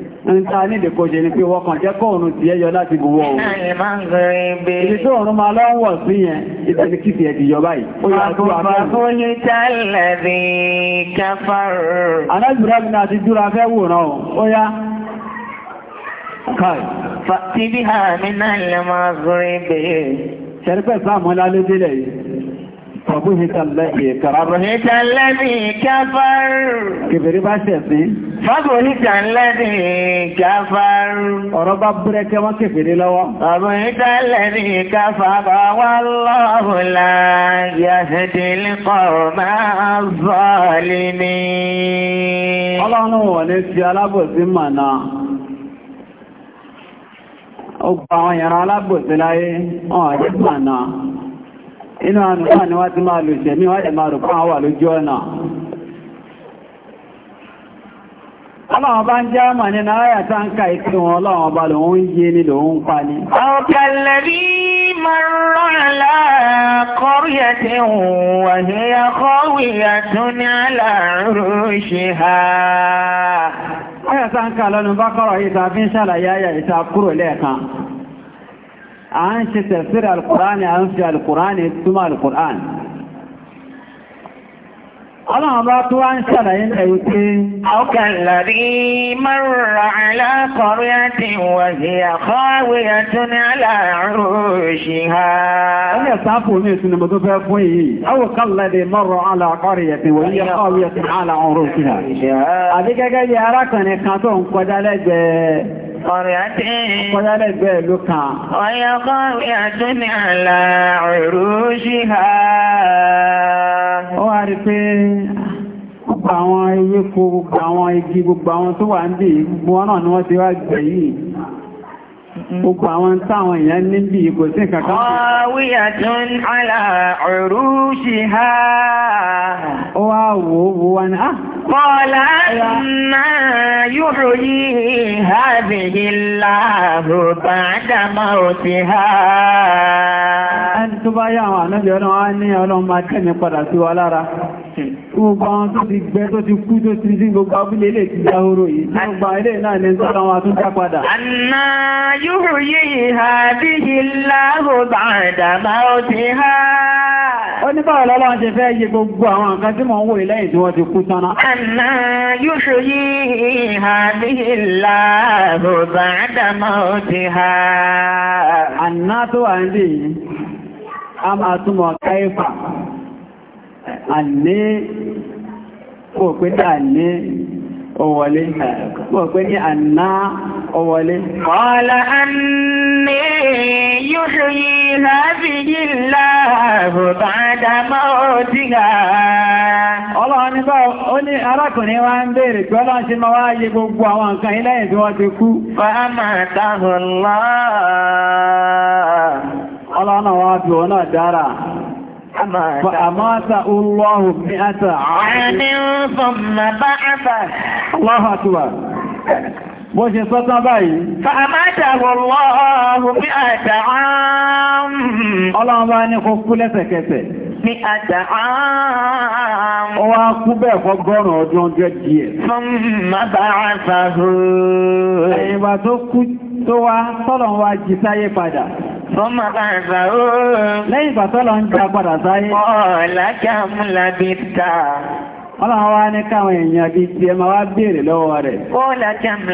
ta ní ìdẹ̀kọ́ jẹ ni pé wọ́kàn jẹ́ kọ́ọ̀rùn ti ẹyọ láti gbogbo ọ̀run. Ibi tó ọ̀run máa lọ́wọ́ sí yẹn, ìbẹ̀ni kí ti ẹ̀dìyọ báyìí. Ó yà tó àmì Kai. Fàtí bí àmì náà lè máa gúrí bèèrè. Ṣẹ̀rí pẹ̀ sáàmọ́lá ló délẹ̀ yìí. فبهت الذي كفر فبهت الذي كفر كفر باشتي فبهت الذي كفر رب برك وكفر لو فبهت الذي كفر والله لا يهدي القوم الظالمين الله هو نسي على بوزمنا ó gba àwọn ìyàrá alábòsí láyé ọ̀rẹ́ mànà inú àánú náà ni wọ́n ti máa lò ṣẹ̀mí wọ́n dẹ̀ máa rò fún àwà lójú ọ̀nà Ọlọ́run bá ń jẹ́ ọmọ nínú ayà tá ń ka ìtì wọn ọlọ́run bá lòun ń yé ní lòun pa ní. Ọ̀kẹ̀lẹ̀rí marran ala à ń ṣe tafsir alkùránì à ń fi alkùránì túmọ̀ alkùránì Ọlọ́run bá tó wá ń ṣàlàyé ẹ̀yí pé, Ọkà lọ́rí márùn-ún aláàkọrí àti wàzí àkọ́wé àtúnni aláàrù ṣe ha. Ó lè sáàpù ní ìsinmi mo tó fẹ́ fún yìí, ọwọ́kà lọ́rí márùn-ún aláàkọrí àti wàzí àkọ́wé àtúnni aláàrù ṣe ha. Àbí gẹ́gẹ́ bí arákùnrin kan tó ń kọjá lẹ́gbẹ̀ẹ́ Ọ̀rẹ́tí. Ọ̀yálẹ́gbẹ́ ìlú kan. Ọ̀yọ́kọ́ rí àtúnni àlà òrò ṣí ha. Ó wá rí pé gbogbo àwọn ewéko, gbogbo àwọn táwọn èèyàn níbi ìkò sí kankan. Ọwíyàtún aláàrú sí ha. Ó wá wò ó wò wá ní á. Kọ́lá máa yúrò yìí ha bè ní láàrù bá dámà ò sí ha. Ẹni tó bá yá àwọn ànábì ọlọ́run á ní ọlọ́run máa tẹ́mi padà sí wa lára. Gbogbo àwọn tó ti gbẹ tó ti kú tó ti ní gbogbo abúlé ilé ti dáhóró yìí. Gbogbo ilé náà ni sọ́dọ̀ wọn يحييها به الله بعد موتها oníbàwọ̀ lọ́lọ́wọ́n ṣe fẹ́ yí gbogbo àwọn nǹkan tí mọ̀ ń wò ilẹ̀ ìdí wọ́n ti kú tánà. àmà yóò ṣe yí ìhàdíhìlá rọ̀bà àdàmọ́ ti ha. àná tó wà ń dì yìí a máa túnmọ̀ ọwọlé mọ̀ pé ní àná ọwọlé. Kọ́lá àmì yóò yí láti yílá bàdà mọ́ òdígà. Ọlọ́run bá ó ní arákùnrin wá ń pé ọlọ́run ṣe máa wáyé gbogbo àwọn nǹkan ilẹ́yìn tí wọ́n ti kú. Ọlọ́run náà wá náà فأماته الله مئة عام ثم بعثه الله أكبر bó ṣe sọ́tán báyìí. Fàmátàwọ̀lọ́hùn bí àtàám. Ọlọ́run bá ní kó kú lẹ́sẹ̀kẹsẹ̀. Ní àtàám. Ó wá kú bẹ́ẹ̀ fọ́gọ́rùn ọdún ọjọ́ díẹ̀. Fọ́nmàbàáfàhùn. Ẹ̀yìnbà tó wá tọ́lọ̀ wá jí sáyé padà. Fọ́nmà bá ń sà ó. Lẹ́yìn ìgbàtọ́lọ ń jà padà sáyé. Ọ̀ọ̀lá kí a mú lábí ta. Ọlọ́run wá ní káwọn èèyàn bí ti ẹ wá béèrè lọ́wọ́ rẹ̀. Ọ̀ọ̀lá kí a mú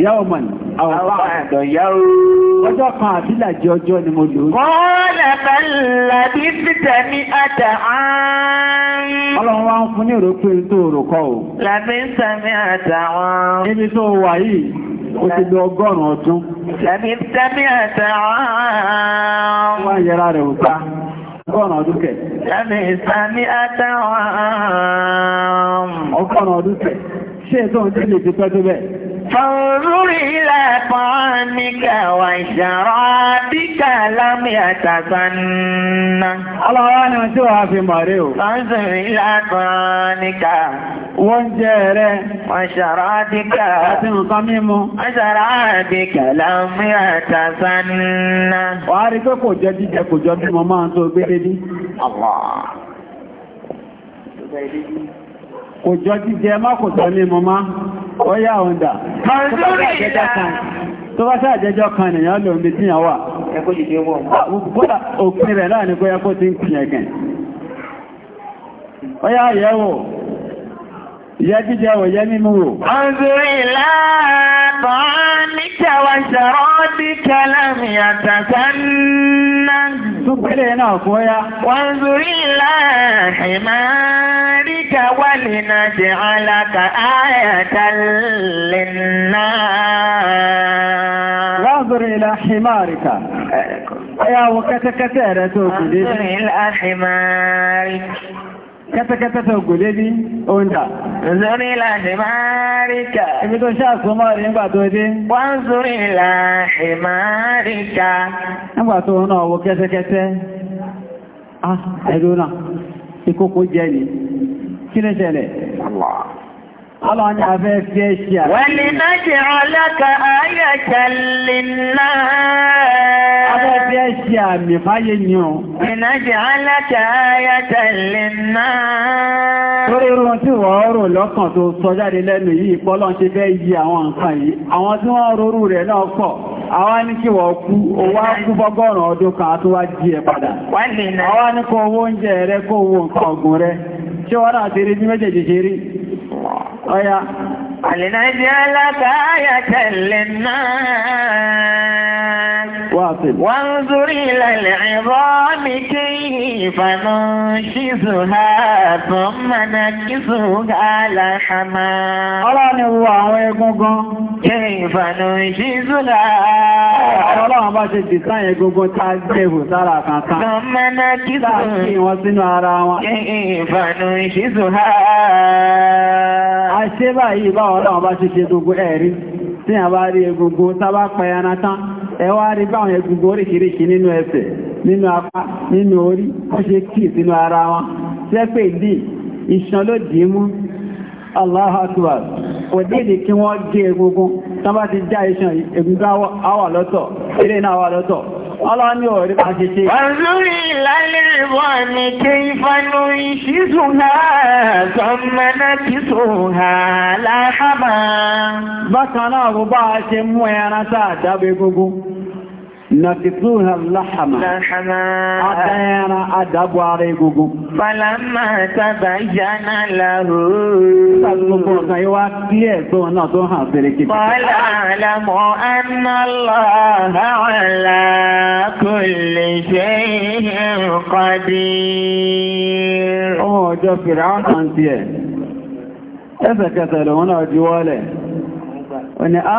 yawman aw ba'da yawm ọjọ́ kan àbílàjì ọjọ́ ni mo lò qala bal labithta mi'ata 'am ọlọ́run wá ń fún ní òrókú ẹni tó òrókọ́ o labithta mi'ata 'am níbi tó wà yìí ó ti lọ ọgọ́rùn-ún ọdún labithta mi'ata 'am wọ́n yẹra rẹ̀ òta ọgọ́rùn-ún ọdún kẹ̀ ṣe ẹ̀tọ́ ọjọ́ lè fi pẹ́tọ́ bẹ́ẹ̀. Fọ̀rúrí ilẹ̀ kan ní kẹwà ìṣẹ̀rọ̀ bíkà lámì àtàgbànà. Ọlọ́wọ́ ni tí wàá fi mọ̀ rí ní ká. Ìṣẹ̀rọ̀ Allah. Tó gbé kò jọ jíjẹ má kò tọ́ ní mọ́má ọyá ọ̀ndà tó bá ṣàjẹjọ́ kan nìyàn lò ní tí yàn wà kódà òpin rẹ̀ láàrin kó yẹ kó ti ń يجد وينمو انظر الى طعامك وشرابك لم يتسنن سبح لنا اخويا وانظر الى حمارك ولنجعلك آية للناس وانظر الى حمارك يا وكتكتير توكي انظر الى حمارك kẹ́tẹ́kẹ́tẹ́ tó gòlé ní oúnjẹ. Zori la ṣìmárìkà. Ibi tó ṣàṣùmọ́ rí nígbà tó dé. Wọ́n zori la ṣìmárìkà. Nígbà tó náà wo kẹ́tẹ́kẹ́tẹ́. Ah, ẹ̀rọ náà, ìkókó jẹ́ ni. Kí ní ṣẹlẹ̀? Allah. Ọlọ́run ni a fẹ́ fi ẹ́ ṣe àrẹ. Wẹ́lì náà ṣe ọlọ́kà ayọ̀ṣẹ́ lè náà. A fẹ́ fi ẹ́ ṣe àmì fáyé ni o. Ìnà ṣe ọlọ́kà ayọ̀ṣẹ́ lè náà. Torí irun tí wọ́n rò lọ́kàn tó sọ jáde lẹ́nu yìí pọ́lọ́ ṣe fẹ́ yí àwọn nǹkan yìí. Àwọn tí wọ́n rorú rẹ̀ náà pọ̀. Àwọn ní kí wọ́n kú, owó kú bọ́gọ́rùn-ún ọdún kan tó wá jí ẹ padà. Àwọn ní kó owó oúnjẹ rẹ kó owó nǹkan ọ̀gùn rẹ. Ṣé wọ́n náà ti rí bí méjèèjì ṣe rí? 哎呀！فلنجعلك آية للناس واصل وانظر إلى العظام كيف ننشزها ثم نكسها لحما ọlọ́run ni wo àwọn egungun كيف ننشزها ọlọ́run bá ṣe dìsáyẹ egungun tá gbẹ̀bù sára kankan ثم نكسها láti wọn sínú ara wọn كيف ننشزها àṣẹ́bà yìí bá báwọn ọlọ́wọ́ bá ṣe ṣe gbogbo ẹ̀rí tí a bá rí egungun tábá pẹ̀yàna tán ẹwà rí báwọn egungun oríṣiríṣi nínú ẹsẹ̀ nínú apá nínú orí ó ṣe kí sínú ara wọn sẹ́pẹ̀ dì ìṣàn ló dì í mú Allahu Akbar òdíìdì kí wọ́n ọlọ́ni ọ̀rí bá ṣe ṣe. Ọ̀rúrí lálẹ́ ìwọ̀ ni kí ìfanú ìṣísù ha sọmọ́nà tí sò ha láhábà. Bákan náà bó bá ṣe mú ẹran sáà dábé gbogbo. Nàtìtúnhà láhàmà. Láhàmà. Adáyára adágbà ara egungun. Fàlámà tàbà yánà láhù. Sàtúnbọ̀ ọ̀sán yóò wá kí ẹ̀gbọ́n tó hàn náà juwọ́lẹ̀. Ó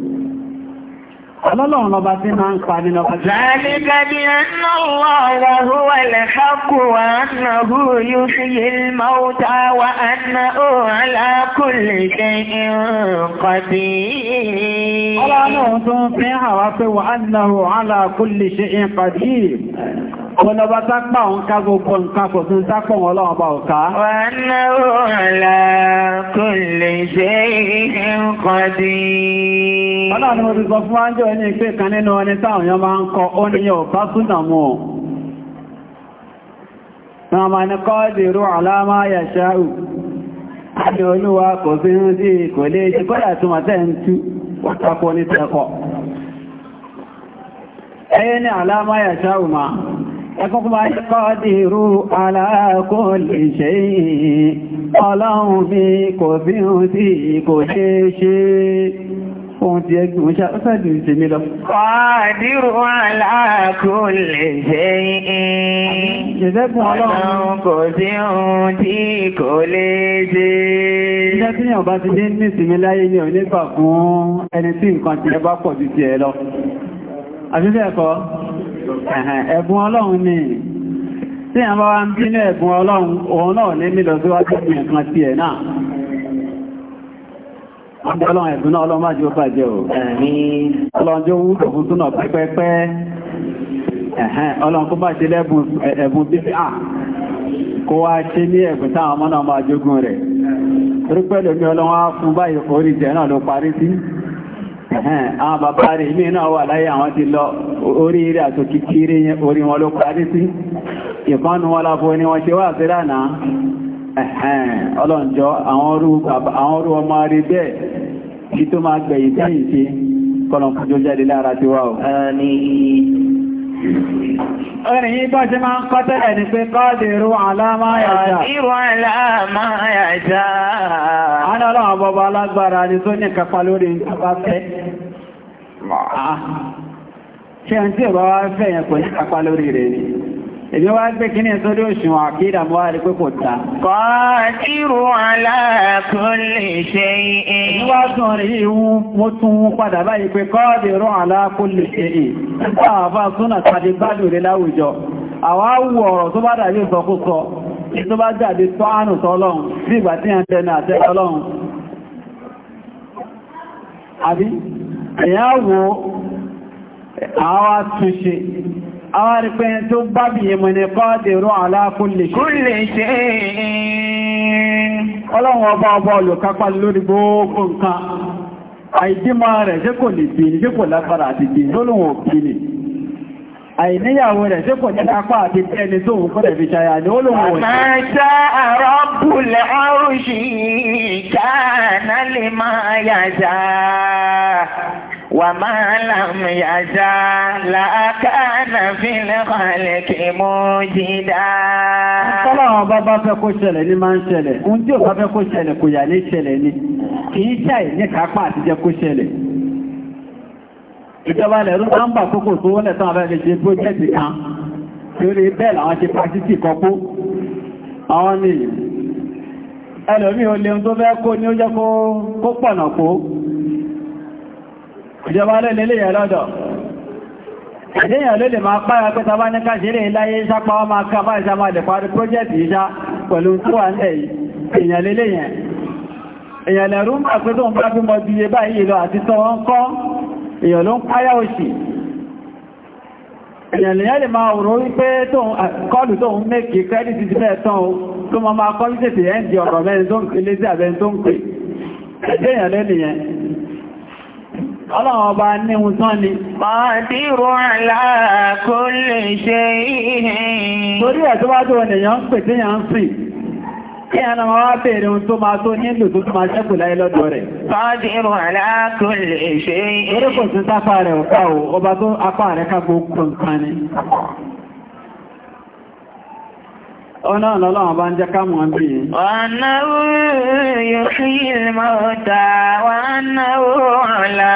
Ọlọ́run ọba tí máa ń pa nínú ọba tí. Zàlíkà bí ẹnà ọ̀rọ̀ ọ̀húwà lẹ́kàkù wà ánà húrò yóò fi yé máúta wà ánà òhàn lákùnlé ṣe ìrìnkọ̀dí. Ọlọ́run tó ń fi hàn pé wà ánà òhàn lákùnlé ṣe ìrìnkọ̀dí. Ọlọ́ba tápà òun ká gbogbo nǹkan kò fún tápọ̀ wọn lọ́wọ́ bá ọ̀ká. Wọ́n náà là kò lè ṣe nǹkan dí. njọ mo ti sọ fún kan nínú ọni táwọn èèyàn máa ń kọ ó ní bá Wọ́n máa ní kọ́ àlámá olúwa kò ń kò lè ṣe ẹkùnkùn máa ṣe kọ́ dìrú aláàkó lè ṣe yìí ọlọ́run mi kò bí ohun tí kò ṣe ṣe ohun tí ẹgbẹ̀ òun ṣàtọ́jú ìṣẹ́ mi lọ. Kọ̀dírù aláàkó lè ṣe yìí ọlọ́run kò sí ohun tí kò lè ṣe. Iṣẹ́ ẹ̀bùn ọlọ́run ni tí a bá wá ń bí ní ẹ̀bùn ọlọ́run òun náà ní mílọ sí wájú ìpìyàn kan sí ẹ̀ náà ọlọ́run ẹ̀bùn náà ọlọ́run májú ó bàjẹ́ ọlọ́run tó wúlò fún lẹ́bùn bíbí à kó wá ṣe ní ẹ̀bùn táwọn ọmọ náà máa rẹ̀ ọlọ́run á fún lọ oríire àtòkì kiri orí wọn ló sí ìbánu wọn wọ́n ṣe wà sí lánàá ẹ̀hẹ́n ọlọ́njọ́ àwọn orú ọmọ rí bẹ́ẹ̀ kí tó máa gbẹ̀yìn tẹ́yìn sí kọlọ̀kọjọ́ jáde lára ti wá ọ̀ ṣe ń tí ìbá wá fẹ́ yẹn kò ní kápá lórí rẹ̀ ni èmi wá gbé kí ní sórí òṣùwọ̀n àkídà mọ́ àrí pé kò ta kọ́ọ̀tírù aláàkúnlè ṣe ìyẹn èmi wá tún rí ìwú mo tún padà báyìí pé kọ́ọ̀tírù aláàkúnlè ṣe ìyẹn àwàfà súnà ìgbà tí àwọn àtúnṣe àwọn àrípẹ́ tó bá bí i mọ̀ ní pàdèrò ọlọ́run ọba ọba olùkápá lórí gbogbo nǹkan àìdímọ̀ rẹ̀ ṣe kò lè bí ní ṣe kò lágbára àti bí lólùwọ̀n òbí ni àìníyàwó rẹ̀ kò ní apá àti ẹni tó ń kọ́rẹ̀ fi ṣayà ní وما لم يزال كان في الخلق موجدا Ọlọ́run bá bá fẹ́ kó ṣẹlẹ̀ ní máa ń ṣẹlẹ̀, oun tí ò bá fẹ́ kó ṣẹlẹ̀ kò yà ní ṣẹlẹ̀ ni, kì í ṣàì ní kápá àti jẹ kó ṣẹlẹ̀. Ìjọba ilẹ̀ ló máa ń bà kókò tó wọ́lẹ̀ tán abẹ́lẹ̀ ṣe pọ́jẹ́tì kan, torí bẹ́ẹ̀ làwọn ṣe pàṣítì kọkó. Àwọn ni, ẹlòmí olè tó fẹ́ kó ní ó jẹ́ kó pọ̀nà kó, ìjọba lẹ́lẹ́lẹ́ yẹn lọ́dọ̀ ẹ̀dẹ́yàn ló lè máa pára pẹ́ta bá ní káṣẹ́rẹ́ iláyé sápá wá máa ká bá ìsá máa lè parí pọ́jẹ́tì ìsá pẹ̀lú tó wà ní èèyàn lélẹ́ yẹn èèyàn lẹ̀rú máa pẹ́ tó ń bá fi mọ́ bí iye báyìí lọ àti tọ́ wọ́n kọ́ èèyàn ló ń páyà òṣì èèyàn lèyàn lè máa rò wípé kọlù tó ń mẹ́kì kẹ́dìtì ti fẹ́ tán o tó máa máa kọ́ ọlọ́run ọba níhun tán ni. Ọdírò aláàkó lè ṣe ihe. Torí ẹ̀ tó bá tó ènìyàn ń pè tí yàn ń sìn. Kí ẹ̀nà wọn wá bèèrè ohun tó máa tó nílò tó tó máa ṣẹ́kù láyé lọ́dọ̀ rẹ̀. Ọdírò aláàkó lè ṣe ihe. Orí kò ọ̀nà ọ̀lọ́wọ̀n bá ń jẹ́ ká mọ̀ bí i ọ̀nà yuhyil mauta wa annahu ala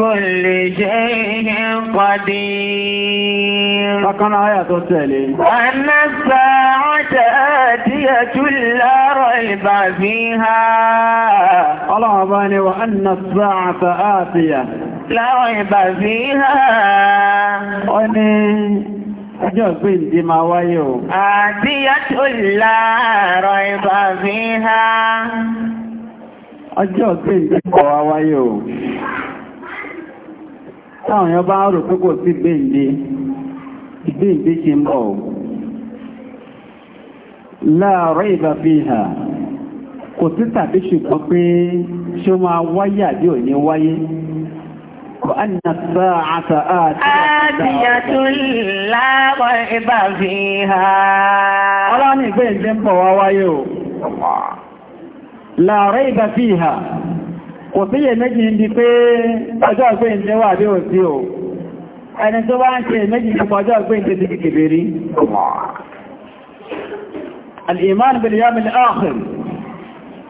kulli shay'in qadir ọkànlá ayà tó tẹ̀lé ọ̀nà sa'ata atiyatun la rayba fiha ọlọ́wọ̀n bá ní wa anna sa'ata atiyatun la rayba fiha Ọjọ́ ìgbéǹde máa wáyé o. Àdíyàtò láàárọ̀ ìbà fi ha. Ọjọ́ ìgbéǹde kọ̀ wá wáyé o. Táwọn èèyàn bá rò pé sí ìgbéǹde, ìgbéǹde ṣe ń bọ̀ fi ha. Kò sí tàbí ṣùgbọ́n pé ṣé ó máa وأن الساعة آتية آتية لا ريب فيها ولا نبين جنب ووايو لا ريب فيها وفي نجي نبين أجاو بين جوابي وزيو أنا سوى أنت نجي نبين أجاو بين جديد كبيري الإيمان باليوم الآخر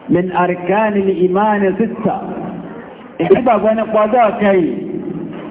من أركان الإيمان ستة إذا بنا قضاء كيف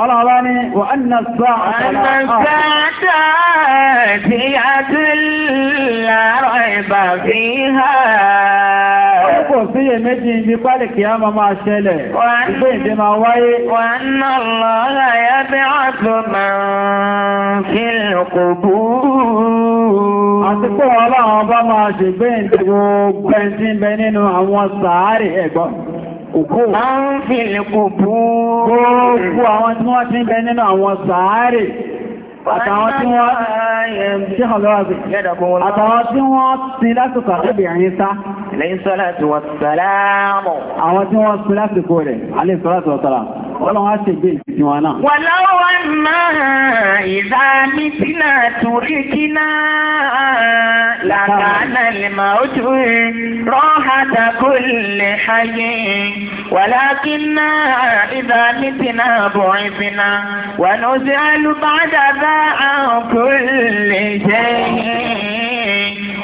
أراني وأن الساعة أن الساعة آتية لا ريب فيها وفي مدين بقالك يا ماما شلي وأن, وأن الله يبعث من في القبور أتقول الله ما شبين تقول بنين وعمو الصعاري kòkó. Máa ń fi lè kòkó. Gbogbo àwọn tí wọ́n ti ń bẹ nínú àwọn sàárè. Àtàwọn tí wọ́n sin lásìkò àtẹ́bẹ̀ àyín sá. Lẹ́yìn sọ́lá ti wọ́n sàlámù. Àwọn tí wọ́n sin lásìkò rẹ̀, alẹ́ sọ́lá ti wọ́n sàlámù. Ọlọ́run á ṣe gbé ìsìn wọn náà. Wà lọ́wọ́ máa ìdá mi tí náà torí kí náà làkàánà lè máa ó tó rẹ̀ rọ́hàdà kó lè ṣayé. Wà lákí náà ìdá mi tí náà bọ̀ ìsìn náà. Wà ní ó ṣe alùbádà bá àwọn kó lè jẹ́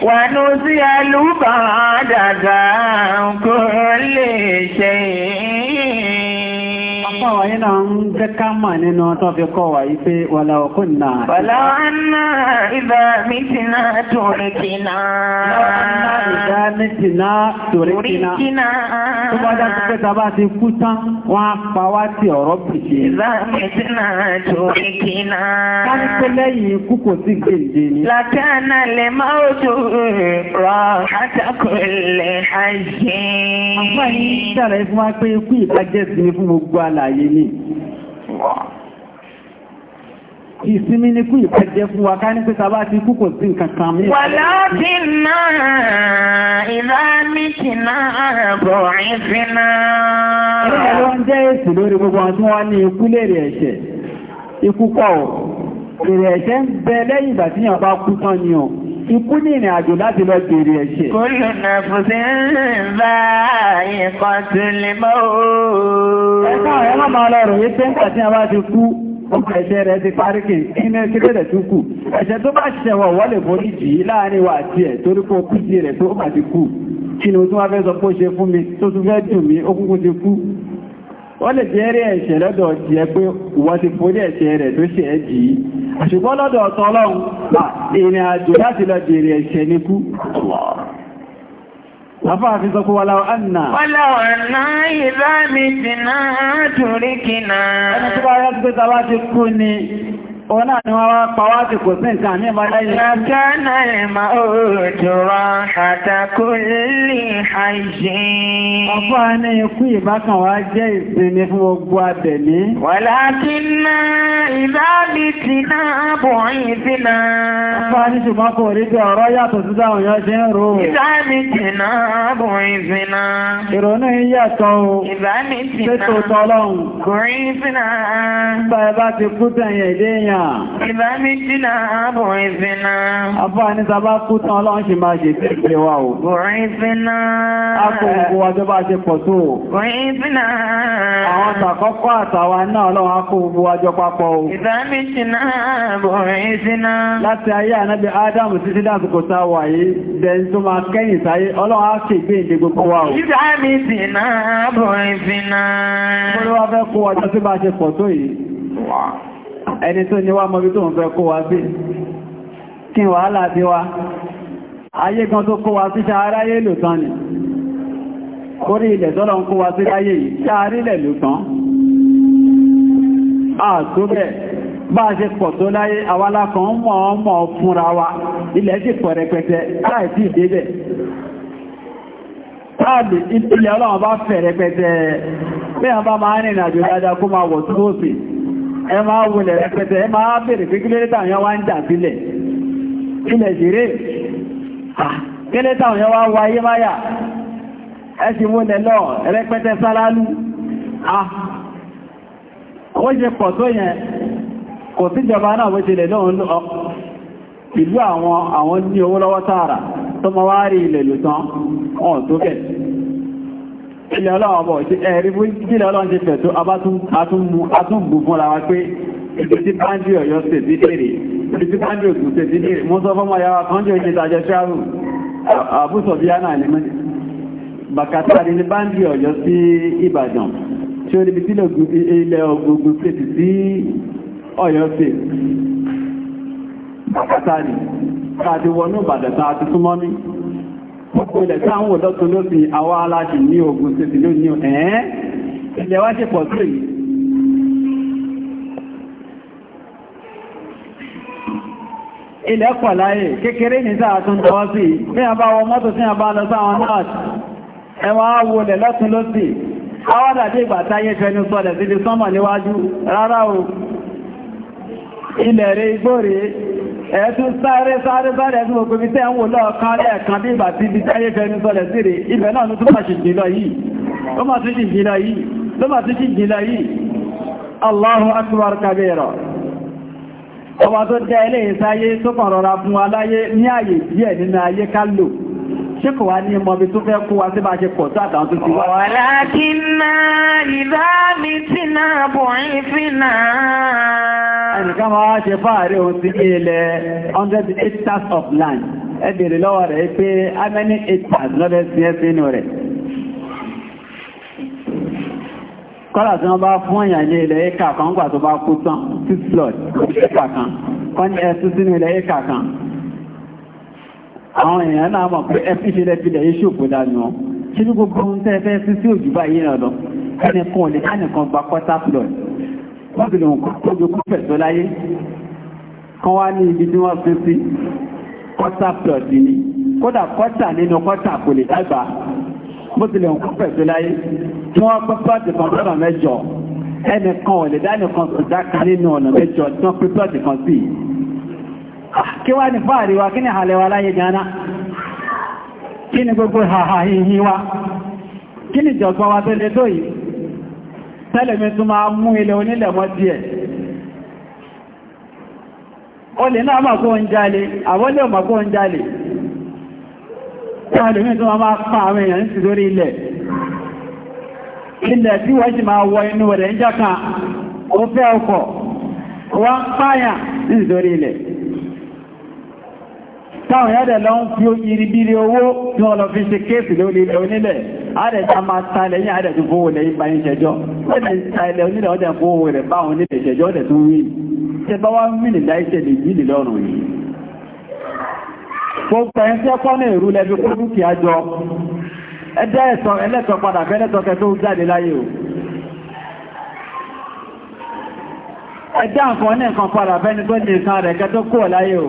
ونزل بعد ذا كل شيء Ọlọ́run yìí náà ń jẹ́ ká mà nínú tó fi kọ́ wà yí pé wàlá òkú náà. Wàlá ọ̀nà ìdá mítìnà tòrìkìnà. Wàlá ìdá mítìnà tòrìkìnà. Tó bá dá sí pé tàbá ti kú tán, wọ́n á pa wá tí ọ̀rọ̀ bìí. Ìdá mítìnà tòrìkìnà. Ká ní pé lẹ́yìn ikú kò sí gbèǹde ni. Làkánà lè máa ó tó rọ̀ àtàkùnlé ayé ní ìsinmi ní kú ìpẹ́jẹ́ fún wa ká ní pé tàbá ti kú sí nǹkan kan mí. wàlá bí ìfinà. ilé jẹ́ èsì lórí gbogbo àwọn ní ikú lèrè ẹ̀ṣẹ̀ ẹ̀ṣẹ̀ ikú ní ìrìn àjò láti lọ bèèrè ẹ̀ṣẹ̀. kó lù nà fún sí ń bá ìkan tó lè mọ́ ooo. ẹ̀ka ọ̀rẹ́ máa máa lọ rò yí pé ń pàtí àwọn ti kú ọkọ̀ ẹ̀ṣẹ̀ rẹ̀ ti parí kì í ní kíkẹ́rẹ̀ tó kù ẹ̀ṣẹ̀ tó bá ṣiṣẹ́ wọ̀ wọ́n lè forí láàrin wa àti ẹ̀ torí pé okú sí rẹ̀ tó bá ti kú kí ni mo tún wá fẹ́ sọ pé ó ṣe fún mi tó tún fẹ́ dùn mí ó kúkú ti kú wọ́n lè jẹ́ rí ẹ̀ṣẹ̀ lọ́dọ̀ ọ̀tí pé wọ́n ti forí ẹ̀ṣẹ̀ rẹ̀ tó ṣe ẹ̀ jì í ṣùgbọ́n lọ́dọ̀ ọ̀tọ̀ ọlọ́run ìrìn àjò láti lọ jèrè ẹ̀ṣẹ̀ ní kú Afá fi sọ fún wàláwọ̀ annà. Wàláwọ̀ náà ìbá mi ti náà Òun náà ni wọ́n wá ti kò sí nǹkan ní ìmọ̀ ma Nàkánà ìmọ̀ òjòrò àtàkù lè àìṣe. Ọgbọ́ ní ikú ìbákan wá jẹ́ ìsinmi fún gbogbo abẹ̀mí. Wàlákínà ìdábì ti náà bọ̀ yìí sí náà. Ọgbọ́ ní ṣùgbọ́n kò rí bí ọ̀rọ̀ yàtọ̀ sí ti náà bọ̀ yìí ti náà. Ṣé ti kú tẹ̀yìn ìdéyàn. Ìbá mi dínà ààbò ìfinà. Àbá ní sábá kú tán ọlọ́run ṣe máa jẹ tẹ́lẹ̀ wa o. Bùrún ìfinà. A kò gbogbo wa tó bá ṣe pọ̀ tó. Bùrún ìfinà. Àwọn tàkọ́kọ́ àtàwa náà ọlọ́run á kó gbogbo wa jọ papọ̀ o. Ìbá mi dínà ààbò ìfinà. Láti ayé ànábi Ádámù títí láti kò sá wà yìí, dẹni tó máa kẹ́yìn sáyé, ọlọ́run á ṣe ìgbé ìdè gbogbo wa o. Ìbá mi dínà ààbò ìfinà. Mo ló wá fẹ́ kó ọjọ́ tó bá ṣe pọ̀ tó yìí. ẹni tó ní wá mọ́bí tó ń fẹ́ kó wa sí kí wàhálà bí wá ayé tó kó wa sí ṣàáráyé lò tán ni orí ilẹ̀ tọ́lọ ń kó wa sí láyé yìí ṣàárílẹ̀ lò tán àtúbẹ̀ bá ṣe pọ̀ tó láyé àwálá kan mọ̀ ọmọ fúnra wa ilẹ̀ sì pọ̀ rẹpẹtẹ láìsí ìdébẹ̀ káàdì ilẹ̀ ọlọ́run bá fẹ̀ rẹpẹtẹ bí wọ́n bá máa rìnrìn àjò dáadáa kó máa wọ̀ tó sì E máa wulẹ̀ rẹpẹtẹ bèèrè pé kílẹ̀ wá ń jà sílẹ̀ kílẹ̀ jèrè kílẹ̀ táwọn wá wá ayé máyà ẹ sì lọ sálálú tó yẹn kò náà ìlú àwọn ní owó lọ́wọ́ tààrà tó mọ́ wá rí ilẹ̀ ọlọ́run ọbọ̀ ẹ̀rí fún ìjìnlẹ̀ ọlọ́run ti fẹ̀ tó atúnbù fúnra wa pé ìdíjí báńdì ọ̀yọ́ ṣe sí dèrè ìdíjí báńdì ògùn ṣe sí dèrè mo sọ fọ́mọ yàrá kan jẹ́ ìṣẹ́ ìtajẹ́ ṣáàrù àbúsọ̀ bí ánà ní bàkàtàrí ní báńdì ọ̀yọ́ sí ìbàdàn tí ó níbi sílẹ̀ ilẹ̀ ògùn ṣe sí sí ọ̀yọ́ ṣe bàkàtàrí káàdì wọnú ìbàdàn tá a ti súnmọ́ mi Òpòlẹ̀ táwọn òdọ́tún ló fi àwọ́ aláṣì ní ogun sí ti ní ẹ̀ẹ́ ilẹ̀ wá ṣe pọ̀ sí Ilẹ̀ pọ̀ láyé kékeré ní sáà tún tọwọ́ sí, bí a bá wọ mọ́tò sí àbá lọ sáwọn náà lọ́tún ló ẹ̀tún sáré sáré sáré ẹ̀tún gbogbo ibi tẹ́ ń wò lọ́ọ̀ kan lẹ́ẹ̀kan bí ìgbà tí ibi táyé fẹ́ ní sọlẹ̀ síre ibẹ̀ náà ló túnmà sí jìnlọ yìí ló mà tún sí jìnlọ yìí ló mà tún sí jìnlọ yìí Allahu akbar kabira ọba tó jẹ́ ilé ìsáyé ṣé kò wá ní mọ́bí tó fẹ́ kó wa tí bá ṣe pọ̀ tó àtàwọn tó ti wá. ọ̀la kí ná ìdá mi tí náà bọ̀ ń fi náà. ẹnìkan máa ṣe fáàrí ohun sí ní ilẹ̀ hundred hectares of land ẹ bèrè lọ́wọ́ rẹ̀ pé how many hectares lọ́dẹ̀ sí ẹ́ sínú rẹ̀. kọ́lá tí wọ́n bá fún èèyàn ní ilẹ̀ éka kan gbà tó bá kú tán six flood éka kan kọ́ ní ẹ̀ tún sínú àwọn èèyàn náà mọ̀ pé ẹfí ṣe lẹ́fílẹ̀ yíṣù kò dánú ṣe ní gbogbo ohun tẹ́ fẹ́ sí sí òjú báyìí náà lọ ẹnìkan olè kánìkan gba quarter flood wọ́n fi lòun kó gbogbo pẹ̀tọ́ láyé kan wá ní ibi tí wọ́n fi sí quarter flood ni kódà quarter nínú quarter kò lè dàgbà bó tilẹ̀ ń kó pẹ̀tọ́ láyé tí wọ́n pẹ́ pọ́ọ̀tì kan lọ́nà mẹ́jọ ẹnìkan olè dánìkan sọ̀dá kan nínú ọ̀nà mẹ́jọ tí wọ́n pẹ́ pọ́ọ̀tì kan sí i kí wá ní fàárí wa kí ní àlẹ́wà láyé gana kí ní gbogbo àhàhìhì wa kí ní jọgbọ́n wa tó lè tó yìí tẹ́lẹ̀mí tó máa mú ilẹ̀ onílẹ̀ mọ́ díẹ̀ olè náà máa kó ń jálè àwọ́lẹ̀ máa kó ń jálè tẹ́lẹ̀mí tó máa pa àwọn èèyàn sí lórí ilẹ̀ ilẹ̀ tí wọ́n sì máa wọ inú rẹ̀ ń jákan ó fẹ́ ọkọ̀ wọ́n pààyàn nítorí ilẹ̀ táwọn ẹ̀dẹ̀ lọ ń fi iribiri owó tí wọ́n lọ fi ṣe kéèsì lórí ilẹ̀ onílẹ̀ ààrẹ ta máa ta ilẹ̀ yìí ààrẹ tó fowó ilẹ̀ yìí báyìí ṣẹjọ́ ẹ̀dẹ̀ ta ilẹ̀ onílẹ̀ ọdẹ fowó rẹ̀ báwọn onílẹ̀ ṣẹjọ́ ọdẹ tó wí ṣe bá wá mìnì láìṣẹ́ lè yí nílọ́rùn yìí gbogbo ẹ̀ ń sẹ́kọ́ ní ìrú lẹ́bi kó dúkìá jọ ẹjẹ́ ẹ̀sọ ẹlẹ́tọ̀ padà fẹ́lẹ́tọ̀kẹ́ tó jáde láyé o ẹjẹ́ àǹkan ní nǹkan padà fẹ́ni tó ní nǹkan rẹ̀ kẹ́ tó kúrò láyé o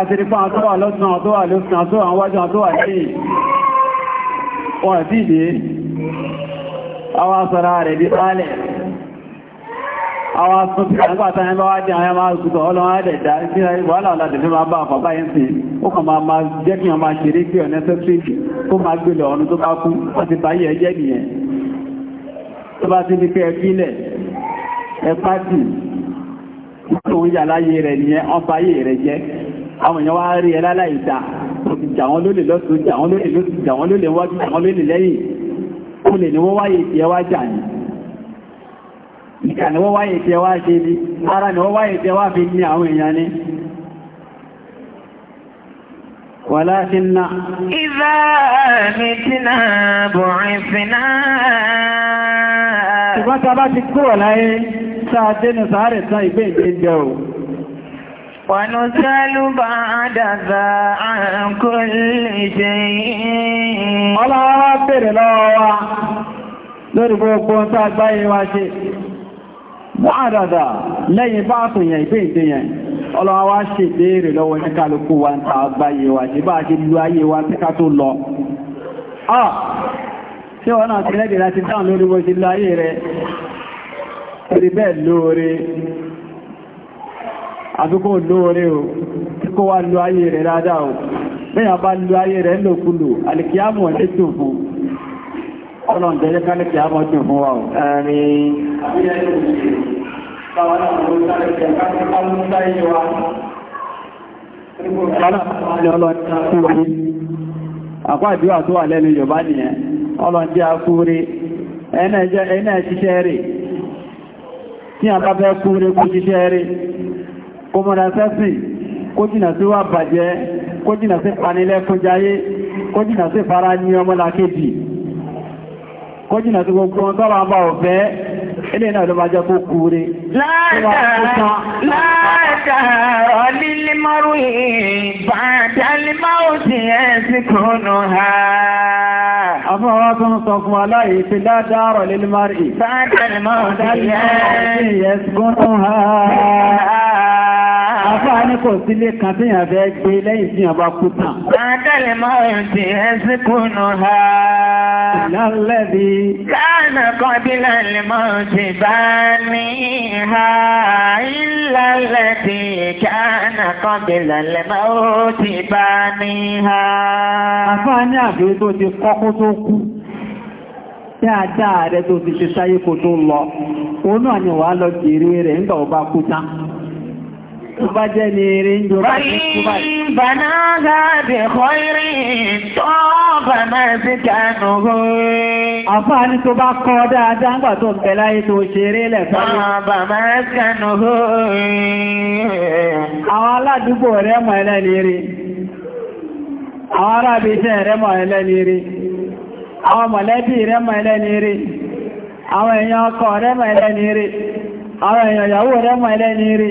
àtìrípa àtọ́wà lọ́sàn àtọ́wà lọ́sàn àtọ́wà wájú àtọ́wà lẹ́yìn wọ́n tí dé àwọn asọ́ra rẹ̀ bí pálẹ̀ àwọn asùn pí àgbàtà ẹgbà wá jẹ́ àwọn máa sùtọ̀ ọlọ́wọ́ àdẹ̀dà sí wàhálà ọ̀làdẹ̀ ní máa bá àfàbá yẹn sí ó kàn máa jẹ́ kí wọ́n máa ṣeré pé ọ̀nà sẹ́tírìkì kó máa gbé àwọn èèyàn wá rí ẹ láláì dá òkè jà lólè lọ́sùn jà lólè lọ́sùn jà lólè wájú jà lólè lẹ́yìn olè ni wọ́n wáyé ìfẹ́ wá jà ní ìkà ni wọ́n wáyé ìfẹ́ wá ṣe ní ara ni wọ́n wáyé ìfẹ́ wá fi ní àwọn èèyàn ní ولكن إذا متنا بعثنا ṣùgbọ́n tàbá ti kúrò láyé sáà dénú ونسأل بعد ذا عن كل شيء ọlọ́wọ́ bèèrè lọ́wọ́ wa lórí gbogbo tó agbáyé wa ṣe ọlọ́wọ́ wá ṣe bèèrè lọ́wọ́ ní kálukú wa ń ta wa ṣe bá ayé wa tí ká tó lọ tí wọ́n náà ti lẹ́gbẹ̀ẹ́ àbíkò lóore o tí kó wá lo ayé rẹ̀ dáadáa o lẹ́yìn bá lo ayé rẹ̀ lòkulò alìkíyàmọ̀ lè tún fún ọlọ́n tẹ́lẹ́ kálìkíyàmọ̀ tún fún wa o àmín Àpá àdúwà tó wà lẹ́nu Yorùbá nìyẹn, ọlọ́ndí akúrí, ẹ̀nà ẹ̀ṣiṣẹ́ rẹ̀, tí a bá fẹ́ kúrí kú ṣiṣẹ́ rẹ̀, kó múra sẹ́sìn kó jìnà sí wà bàjẹ́ kó jìnà sí panilẹ́kúnjayé kó jìnà sí fara ní ọmọlàkejì kó jìnà sí gbogbo ọmọ tọ́wà bá ọ̀fẹ́ ilé náà ló máa jẹ́ kó kúrè láàdàrọ̀ lílímọ́rú ìbàdàlímáòsì ẹ̀sìn kúnnù ha afọ́wọ́ tó ń sọ fún aláyé ti láàdàrọ̀ lílímọ́rú ìbàdàlímáòsì ẹ̀sìn kúnnù ha Àfáà ní kò sílé kan tí yàn fẹ́ gbé lẹ́yìn tí yàn kú tàn. Káàkàlẹ̀ máa ń ti ẹsẹ̀ kùnú ha. Ìlànlẹ́bí. Káàkàlẹ̀ bí lẹ́lẹ̀ máa ń ti بانيها إلا الذي كان قبل الموت بانيها Àfáàní àbí tó ti kọ́kú tó kú, dáadáa tó ti ṣe sáyé kò tó lọ, òun náà ni wà lọ jèrè rẹ̀ ń gbà ọba kú tán tó bá jẹ́ ní eré ń jọba ní kúbà. bàná gáàdì kọ́rí tó bàná sí kánú hó. àfáàní tó bá kọ́ dáadáa ń gbà tó ń bẹ láyé tó ṣeré lẹ̀ fáyé. bàbá kánú hó. àwọn aládùúgbò rẹ̀ mọ̀ ẹlẹ́ni rí àwọn arábi iṣẹ́ rẹ̀ mọ̀ ẹlẹ́ni rí àwọn mọ̀lẹ́bí rẹ̀ mọ̀ ẹlẹ́ni rí àwọn èèyàn ọkọ rẹ̀ mọ̀ ẹlẹ́ni rí àwọn èèyàn ìyàwó rẹ̀ mọ̀ ẹlẹ́ni rí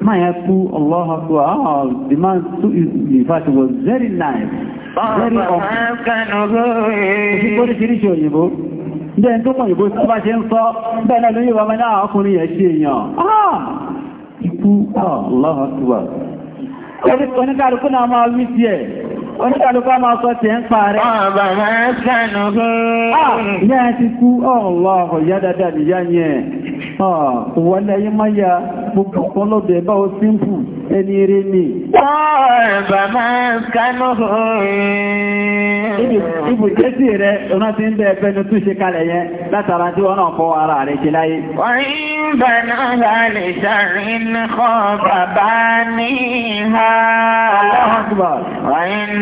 Mayaku, Allah Akbar, ah, the man, in fact, was very nice, very the open. Then tó mọ̀ ìbò tó bá ṣe ń sọ, bẹ́ẹ̀ náà lórí now, náà ọkùnrin yẹ̀ ṣe èèyàn. Ah! you Ikú, ah, Allah Akbar. Ẹni kọ̀níkàrí kó náà máa wí sí ẹ̀. Oníkàlùkọ́ máa sọ ti ń pa rẹ̀. Ọba máa sànù gún. Ìyá ẹ ti kú ọ̀lọ́ ọ̀yá dáadáa nìyá yẹn. Wọlé ayé máa ya gbogbo kan lọ́bẹ̀ bá ó símpù ẹni eré ni. Ọba máa sànù gún. Ibùjẹ́ sí rẹ̀, ọ̀nà ti ń bẹ ẹgbẹ́ ní túnṣe kalẹ̀ yẹn látara tí wọ́n náà fọ́ ara rẹ̀ ṣe láyé. Wọ́n ń bẹ̀rẹ̀ náà lè ṣàrin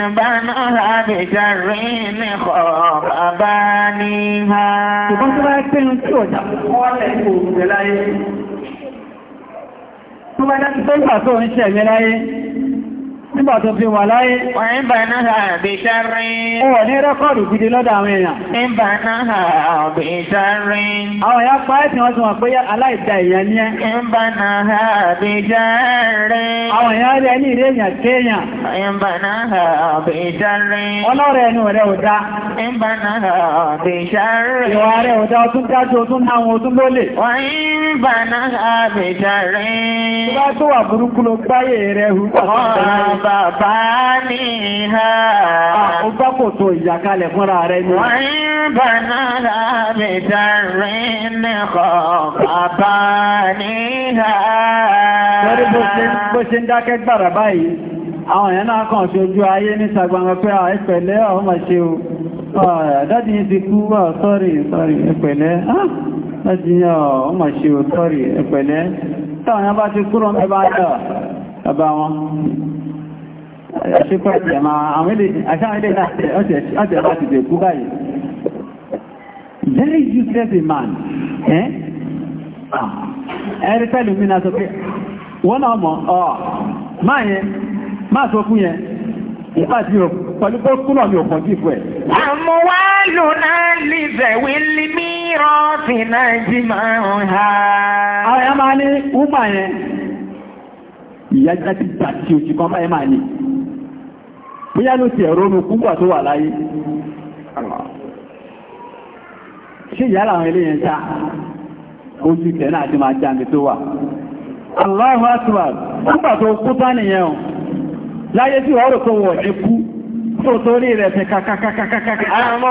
بنها بشر خاب بانيها ṣùgbọ́n tó bá yẹ pé ohun tí ọ̀dà kọ́lẹ̀ kò rẹ̀ láyé tó bá dá ti tó ń pàtó ń ṣẹ̀mí láyé nígbà tó fi wà láyé. Wọ́n bá náà ha bí sáré. Ó wọ̀ ní rẹ́kọ̀dù gidi lọ́dọ̀ àwọn èèyàn. Ń bá náà ha bí sáré. Àwọn ìyá pa ẹ̀sìn wọ́n ti wọ̀n pé aláìda èèyàn ní ẹ́. Ń bá náà ha bí sáré. Àwọn ìyá rẹ̀ ní ìrẹ́ èèyàn kéèyàn. Ń bá náà ha bí sáré. Ọlọ́rẹ̀ ẹnu rẹ̀ ò dá. Ń bá náà ha bí sáré. Ìwà rẹ̀ ò dá ọtún dájú ọtún náwọn ọtún lólè. Wọ́n bá náà ha bí sáré. Tí wọ́n tó wà burúkú ló gbáyé rẹ̀ hù. Ọ̀rọ̀ bàbá ní ha. Ọgbọ́ ah, kò tó ìyàkalẹ̀ fúnra rẹ̀ ní. Wọ́n bàná láàmì dárí ní kọ̀ bàbá ní ha. Lórí bó ṣe ń dákẹ́ gbàrà báyìí, àwọn èèyàn náà kàn ṣojú ayé ní sàgbàmọ́ pé àwọn ah, ìpẹ̀lẹ́ ọmọ ṣe o. Ah, dádì yìí ti kú wà sọ́rì sọ́rì ìpẹ̀lẹ́. Dádì yìí ọmọ ṣe o sọ́rì ìpẹ̀lẹ́. Táwọn yẹn bá ti kúrò ń bẹ bá ń dà, bàbá wọn. ṣíkọ́ ẹ̀tẹ̀ very useless man eh? ah. ẹ̀rí pẹ̀lú mi náà sọ pé wọ́n náà mọ̀ ọ̀ máa yẹn máa sọ fún yẹn ìpàdé ọ̀ pẹ̀lú pé ọ̀pọ̀ fún ẹ̀ àmọ́ wá lò náà lè zẹ̀wé lè ha bóyá ló ti ẹ̀rọ omi kúgbà tó wà láyé ṣe ìyá àwọn ilé yẹn já ó sì tẹ̀ náà ti máa jáde tó wà Allahu aṣíwà kúgbà tó kú tánìyàn láyé tí ọ̀rọ̀ tó wọ̀ ní kú tó torí rẹ̀ ti kàkàkàkàkàkà. ọ ọmọ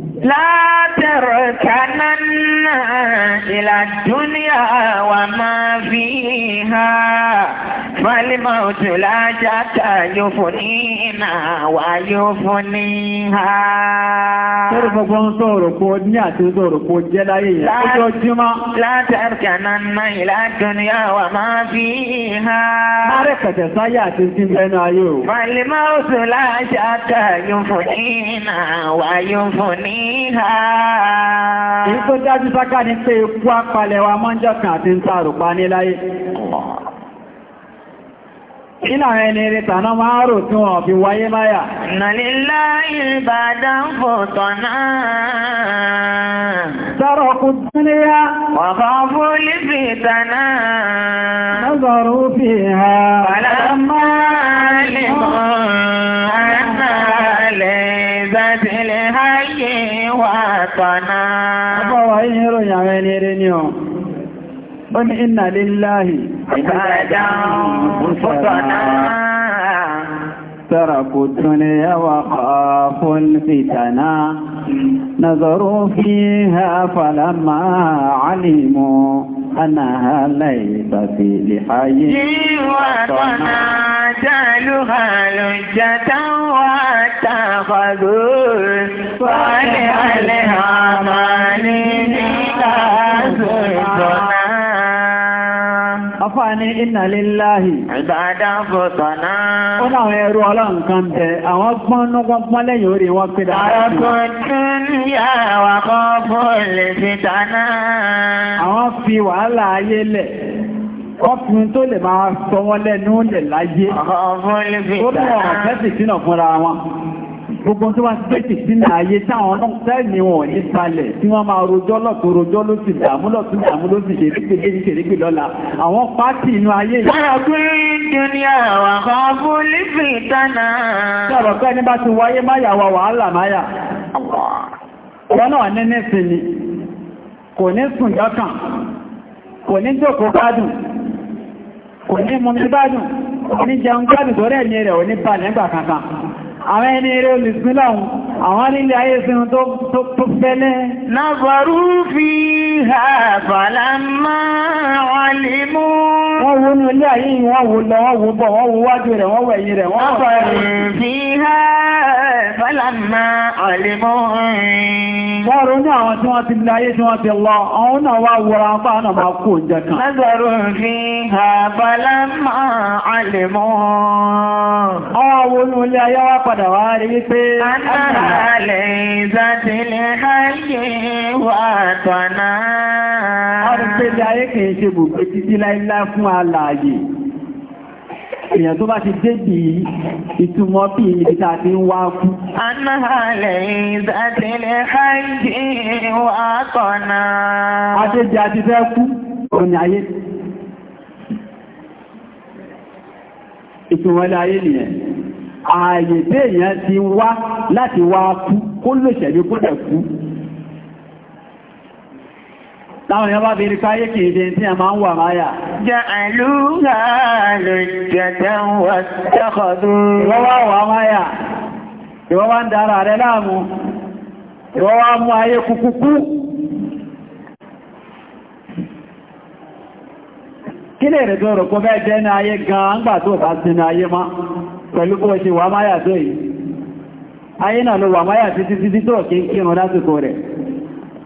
látẹ̀rọ̀ kánánà ìlà dúníà wà máa fi ha fálímà òtù lájáta yóò fún ní ìnà wà yóò fún ní ha. Sọ́rọ̀ gbogbo ń sọ̀rọ̀ pọ̀ ní àti sọ̀rọ̀ pọ̀ jẹ́ láyé yẹn. Ọjọ́ Jímá. Látẹ̀rọ̀ kánánà ìlà dúníà wà máa fi ha. Márẹ̀ pẹ̀tẹ̀ sáyé àti sí mẹ́nu ayé o. Fálímà òtù lájáta yóò fún ní ìnà wà yóò fún ní فيها Ìkó dájú sáká ní pé ikú apalẹ̀ wa mọ́jọ́ kan àti ń tààrù pa ní láyé. Iná rẹ̀ ni ìrìta náà máa rò tí wọ́n fi wáyé máyà. Nàlélá rabbana. Ọba wa yìí ní ìròyìn àwọn ẹni eré ní ọ. Ó ní inna lillahi. Ìbáradáhùn fọ́tọ̀nà. تركوا الدنيا وخافوا الفتنا نظروا فيها فلما علموا أنها ليس في لحي ونجعلها لجة واتخذوا صالح الأعمال لا ní iná líláhì. Ìbàdá fòsànà. Ó láwọn ẹrú ọlọ́run kan bẹ, àwọn gbọ́n nígbọ́n pọ́n lẹ́yìn orí wọn pé dáadáa. ọkùnrin tó lè máa sọ wọn lẹ́nu lẹ̀ láyé. Ọ̀fún lè fi ìtàn. Ó bẹ̀rẹ̀ ọ̀fẹ́ sì sínà fúnra wọn gbogbo tó wá gbèsè sínú ààyè táwọn náà sẹ́ẹ̀mì wọn ò ní balẹ̀ tí wọ́n máa rojọ́ lọ́tún rojọ́ ló sì dààmú lọ́tún dààmú ló sì ṣèrégbè lé ṣèrégbè lọ́la àwọn pátì inú ayé yìí. sára pé dúníà wà kan fún lífì tánà. sọ̀rọ̀ pé ẹni bá ti wáyé máyà wa wàhálà máyà. wọn náà ní nísìnyí kò ní sùn dọ́kàn kò ní jókòó gbádùn kò ní mumi gbádùn kò ní jẹun gbádùn tó rẹ̀ ní rẹ̀ ò ní balẹ̀ nígbà kankan àwọn ẹni eré olùsìnlá ọ̀hún àwọn nílé ayé sínú tó fẹ́lẹ́ nàbàrú fi àbàlá máa wọ́n lè mú wọ́n wo ní ilé ayé yìí wọ́n wo lọ wọ́n wo bọ̀ wọ́n wo wájú rẹ̀ wọ́n wẹ̀yìn rẹ̀ wọ́n wọ́n fọ́lọ́mà ọ̀lẹ́mọ́ rìn. Wọ́n ronú àwọn tí wọ́n ti lé ayé tí wọ́n ti lọ, àwọn náà wá wọ́ra bá náà máa kó oúnjẹ kan. Lọ́gbọ̀rọ̀ fi ha fọ́lọ́mà ọ̀lẹ́mọ́. Àwọn awonú ilé ayé wá padà wá rí wípé èèyàn tó bá ti débi ìtumọ̀ bí ibi tá a ti ń wá kú. anáhàlẹ̀ ìdádélé hajji wà kọ̀nà. adéjì àti fẹ́ kú òní ayé ìtumọ̀lẹ̀ ayé nìyẹn ààyè tí èèyàn ti wá láti wá kú kó lóṣèlú kó dẹ̀ kú táwọn èèyàn bá bèèrè káyé kìí dé tí a máa ń wà máyà. wà máyà ìwọ́wà ń dára rẹ láàmú ìwọ́wà mú ayé kúkúkú kí lè rẹ̀ dọ̀rọ̀ kó bẹ́ẹ̀ jẹ́ ní ayé gan-an gbà tó bá sí ní ayé má pẹ̀lú kó wà máyà tó yìí ayé náà wà máyà títí títí tó kí ń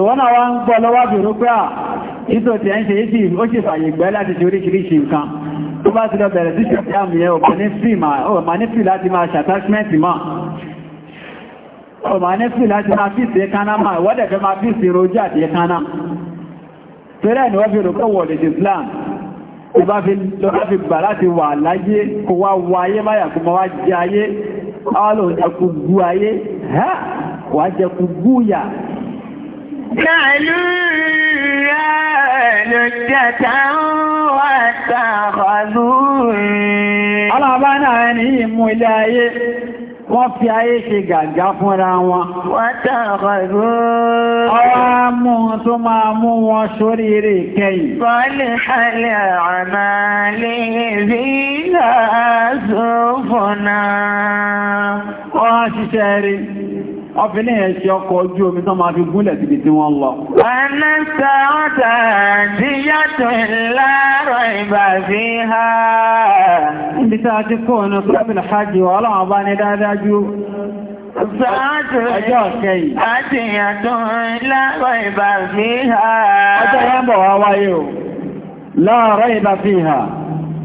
ìwọ́nà wá ń gbọ́ lọ́wọ́ bìrú pé à ìtò tí ẹ ń ṣe yìí sí ó sì fàyè gbẹ́ láti ṣe oríṣiríṣi nǹkan tó bá ti lọ bẹ̀rẹ̀ sí ṣẹ̀fẹ́ àmì ẹ ọ̀pọ̀ ní fì láti máa ṣàtàṣmẹ́ntì máa ọ̀pọ̀ ní fì láti máa fìsì ẹkáná máa ìwọ́dẹ̀fẹ́ máa fìsì rojú àti ẹkáná tẹ́rẹ̀ ni wọ́n fi rò pé wọ̀lẹ̀ Islam tó bá fi lọ́pẹ́ fi gbà láti wà láyé kó wá wọ ayé máyà kó ma wá jẹ ayé awálò ìjẹkùgbú ayé wà jẹkùgbú yà جعلوا لجة واتخذوا Alábá náà ní ìmú ilé ayé, wọ́n fi ayé ṣe gàgá fúnra wọn. Wátàkàrò. Ọwá mú tó máa mú wọn sórí eré kẹyì. Bọ́lì wọ́n fi ní ẹ̀ṣẹ́ ọkọ̀ ojú omi tán máa fi gúnlẹ̀ síbi tí wọ́n lọ. ẹ̀nà ọjọ́ ọ̀kẹ́ yìí. ọjọ́ yẹn wá wáyé o láàrọ̀ ìbà sí ha.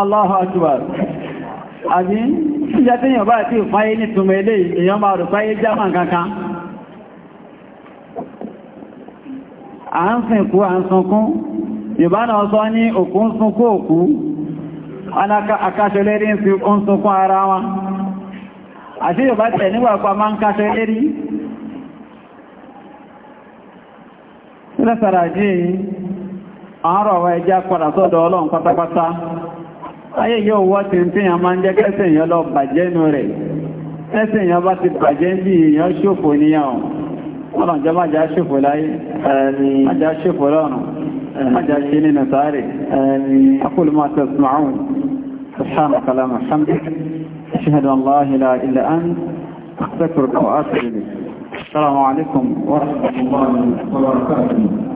Allahu Akbar. Àbí, ìjẹ́ tí yàn bá ti fáyé ní túnmọ̀ ilé èèyàn máa rò fáyé kankan. A ń sìnkú, a ń sunkún. Yorùbá náà sọ ní òkú ń sunkú òkú. Akáṣẹlérí ń sunkún ara wọn. Àti Yorùbá tẹ̀ nígbàpá máa ń káṣẹlérí. Sílẹ̀ sàràjí, ayé yóò wọ́ tí ń tíyàn máa ń jẹ́ kẹ́sẹ̀ èèyàn lọ bàjẹ́ inú rẹ̀ kẹ́sẹ̀ èèyàn bá ti bàjẹ́ ń bí èèyàn ṣòfò níyàn ọ̀nà jẹ́ máa jà ṣòfò láyé máa jà ṣòfò lọ́rùn máa jà ṣe nínú السلام عليكم ورحمة الله وبركاته